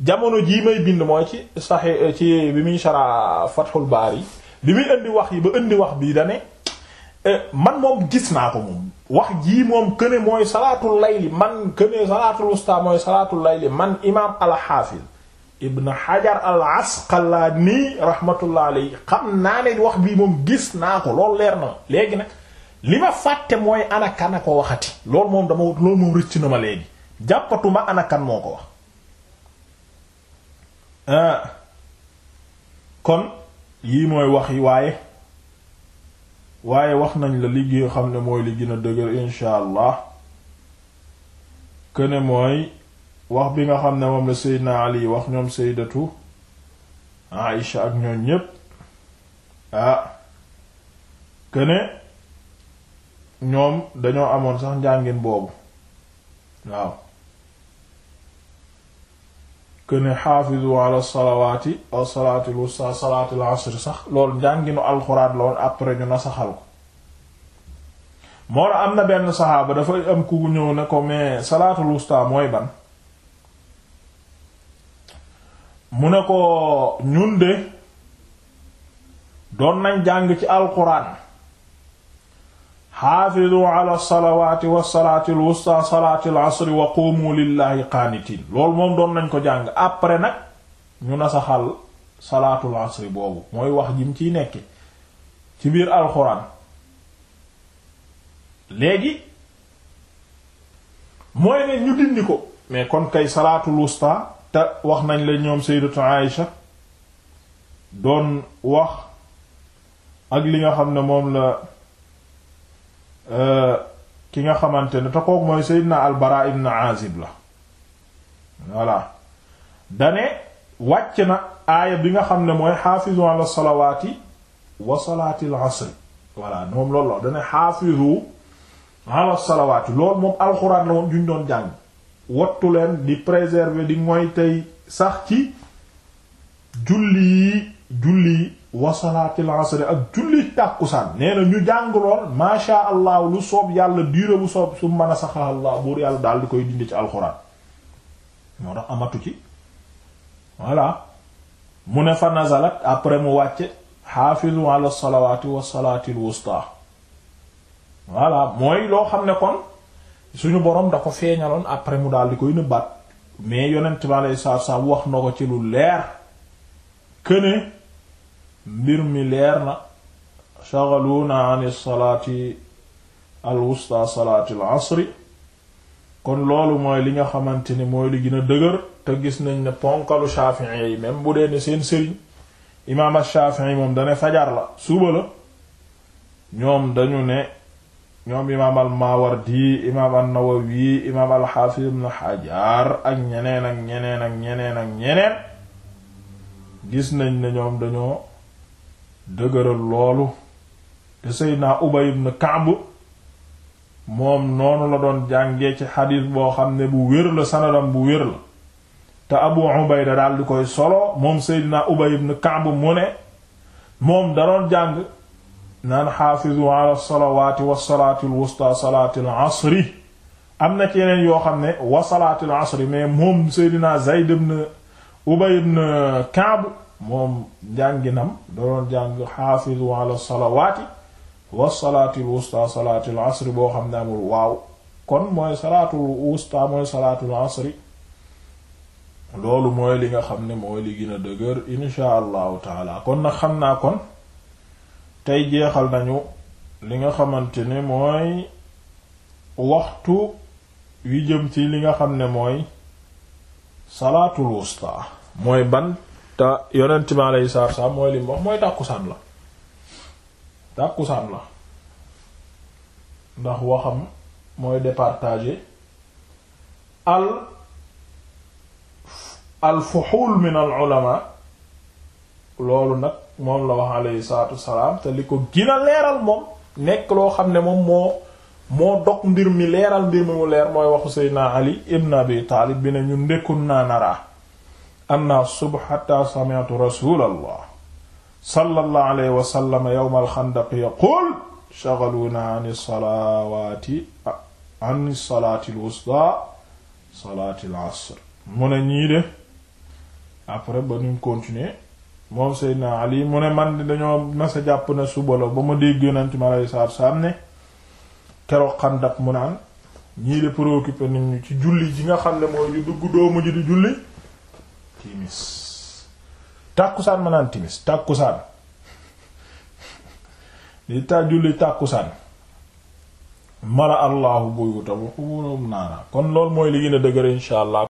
jamono jii may bind mooy ci saxe ci bi muy shara baar baari bi muy indi wax yi ba indi wax bii da ne Euh, man moom gis naa ko moom wax jii moom këne mooy salaatul layli man këne salaatul wusta mooy salaatul layli man imaam alxaafiz ibn hajar al asqalaani rahmatullah alayhi xam naa ne wax bii moom gis naa ko loolu leer na léegi nag li ma fàtte mooy anakan a ko waxati loolu moom dama loolu moom rëcc na ma léegi jàppatuma anakan moo ko wax euh, kon yii mooy wax yi waaye waaye wax nañ la liggéey xam ne mooy li gën a dëgër incha allah këne mooy wax bi nga xam ne moom la Seydina Ali wax ñoom Seydatu Aïcha ak ñoom ñépp ah këne ñoom dañoo amoon sax njàngin boobu waaw ne xaafizu ala salawaati wa salaatul wusta salaatul asr sax loolu njànginu alxuraan la woon après ñu nasaxal ko moo la am na benn saxaaba dafay am ku ñëw ne ko mais salaatul wusta mooy ban mu ne ko ñun de doon nañ jàng ci alxuraan xaafidu ala salawaati wa salaati alwusta salaati alasri wa quumu lillahi qaanitiin loolu moom doon nañ ko jàng après nag ñu nasaxal salaatul asri boobu mooy wax jim ciy nekk ci biir alxuraan léegi mooy ne ñu dindi ko mais kon kay salaatul wusta te wax nañ la ñoom sayyidatu Aïsha doon wax ak li nga xam ne moom la Euh, ki nga xamante ne te kooku mooy Seydina Al-Bara ibn Azib la voilà dane wàcc na aaya bi nga xam ne mooy xaafizu ala salawaati wa salaatil asri moom loolu la dane xaafizu ala alxuraan la moom juñ doon jàng wattu leen di préserver di mooy tey sax ci julli yi julli yi wa salaatil ak julli tàkkusaan nee na ñu jàng masha allah lu soob yàlla diire bu soob su mën a saxaa buur yàlla daal di koy dindi ci alxuraan moo tax amatu ci voilà mu ne fa nazalat après mu wàcce xaafizu ala salawaati wa salaatil wusta mooy loo xam ne kon suñu borom da ko feeñaloon après mu daal di koy nëbbaat mais yonent bi alayhi salaatu wax na ko ci lu leer këne mbir mi leer na shaghaluuna an salaati al wusta salaati al asri kon loolu mooy li nga xamante ni mooy li gën dëgër te gis nañ ne ponkalu Shafi'i yi même bu dee ne seen sëriñ imaam Shafi'i moom dane fajar la suba la ñoom dañu ne ñoom imaam al-Mawardi imaam an-Nawawi imaam al-Hafiz ibn Hajar ak ñeneen ak ñeneen ak ñeneen ak ñeneen gis nañ ne ñoom dañoo dëgëral loolu te Seydina Ubay ibn Ka'b moom noonu la doon jàngee ci xadiis boo xam ne bu wér la sanadam bu wér te Abu Ubayda daal di koy solo moom Seydina Ubay ibn Ka'b mu moom da doon jàng naan xaafizu ala salawaati wa salaatil wusta salaatil asri am na ci yeneen yoo xam ne wa salaatil asri mais moom Seydina Zayd ibn Ubay ibn Ka'b moom njànginam doon jàng xaafizu ala salawaati wa salaatil wusta salaatil asri boo xam ne amul waaw kon mooy salaatul wusta mooy salaatul asri loolu mooy li nga xam ne mooy li gën a dëgër insha allahu taala kon nag xam naa kon tey jeexal nañu li nga xamante ne mooy waxtu wi jëm ci li nga xam ne mooy salaatul wusta mooy ban te yonent bi alayhi salaatu mooy lim wax mooy tàkkusaan la tàkkusaan la ndax waxam mooy départager al al fuxuul min al ulama loolu nag moom la wax alayhi salaatu salaam te li ko gën leeral moom nekk loo xam ne moom moo moo dog mbir mi leeral mbir mu leer mooy waxu Seydina Ali ibn Abi Taalib bi ne ñun ndekun naa naraa anna subh hatta sami'tu rasulallah sallallahu alayhi wa sallam yawm al-khandaq yaqul shaghaluna an as-salawati al-asr mu ne ñii de après ba ñu continuer moom Seydina Ali mu ne man dañoo masa jàpp na suba la ba ma dégg yonent mi alayhi salaatu ne keroog xandak mu naan ñii de préoccupé nañu ci julli ji nga xam ne mooy dugg doomu ji di julli timis tàkkusaan ma naan timis tàkkusaan di ta julli tàkkusaan mara allahu buyuta wa xuburum naara kon loolu mooy li gën a dëgër insha allah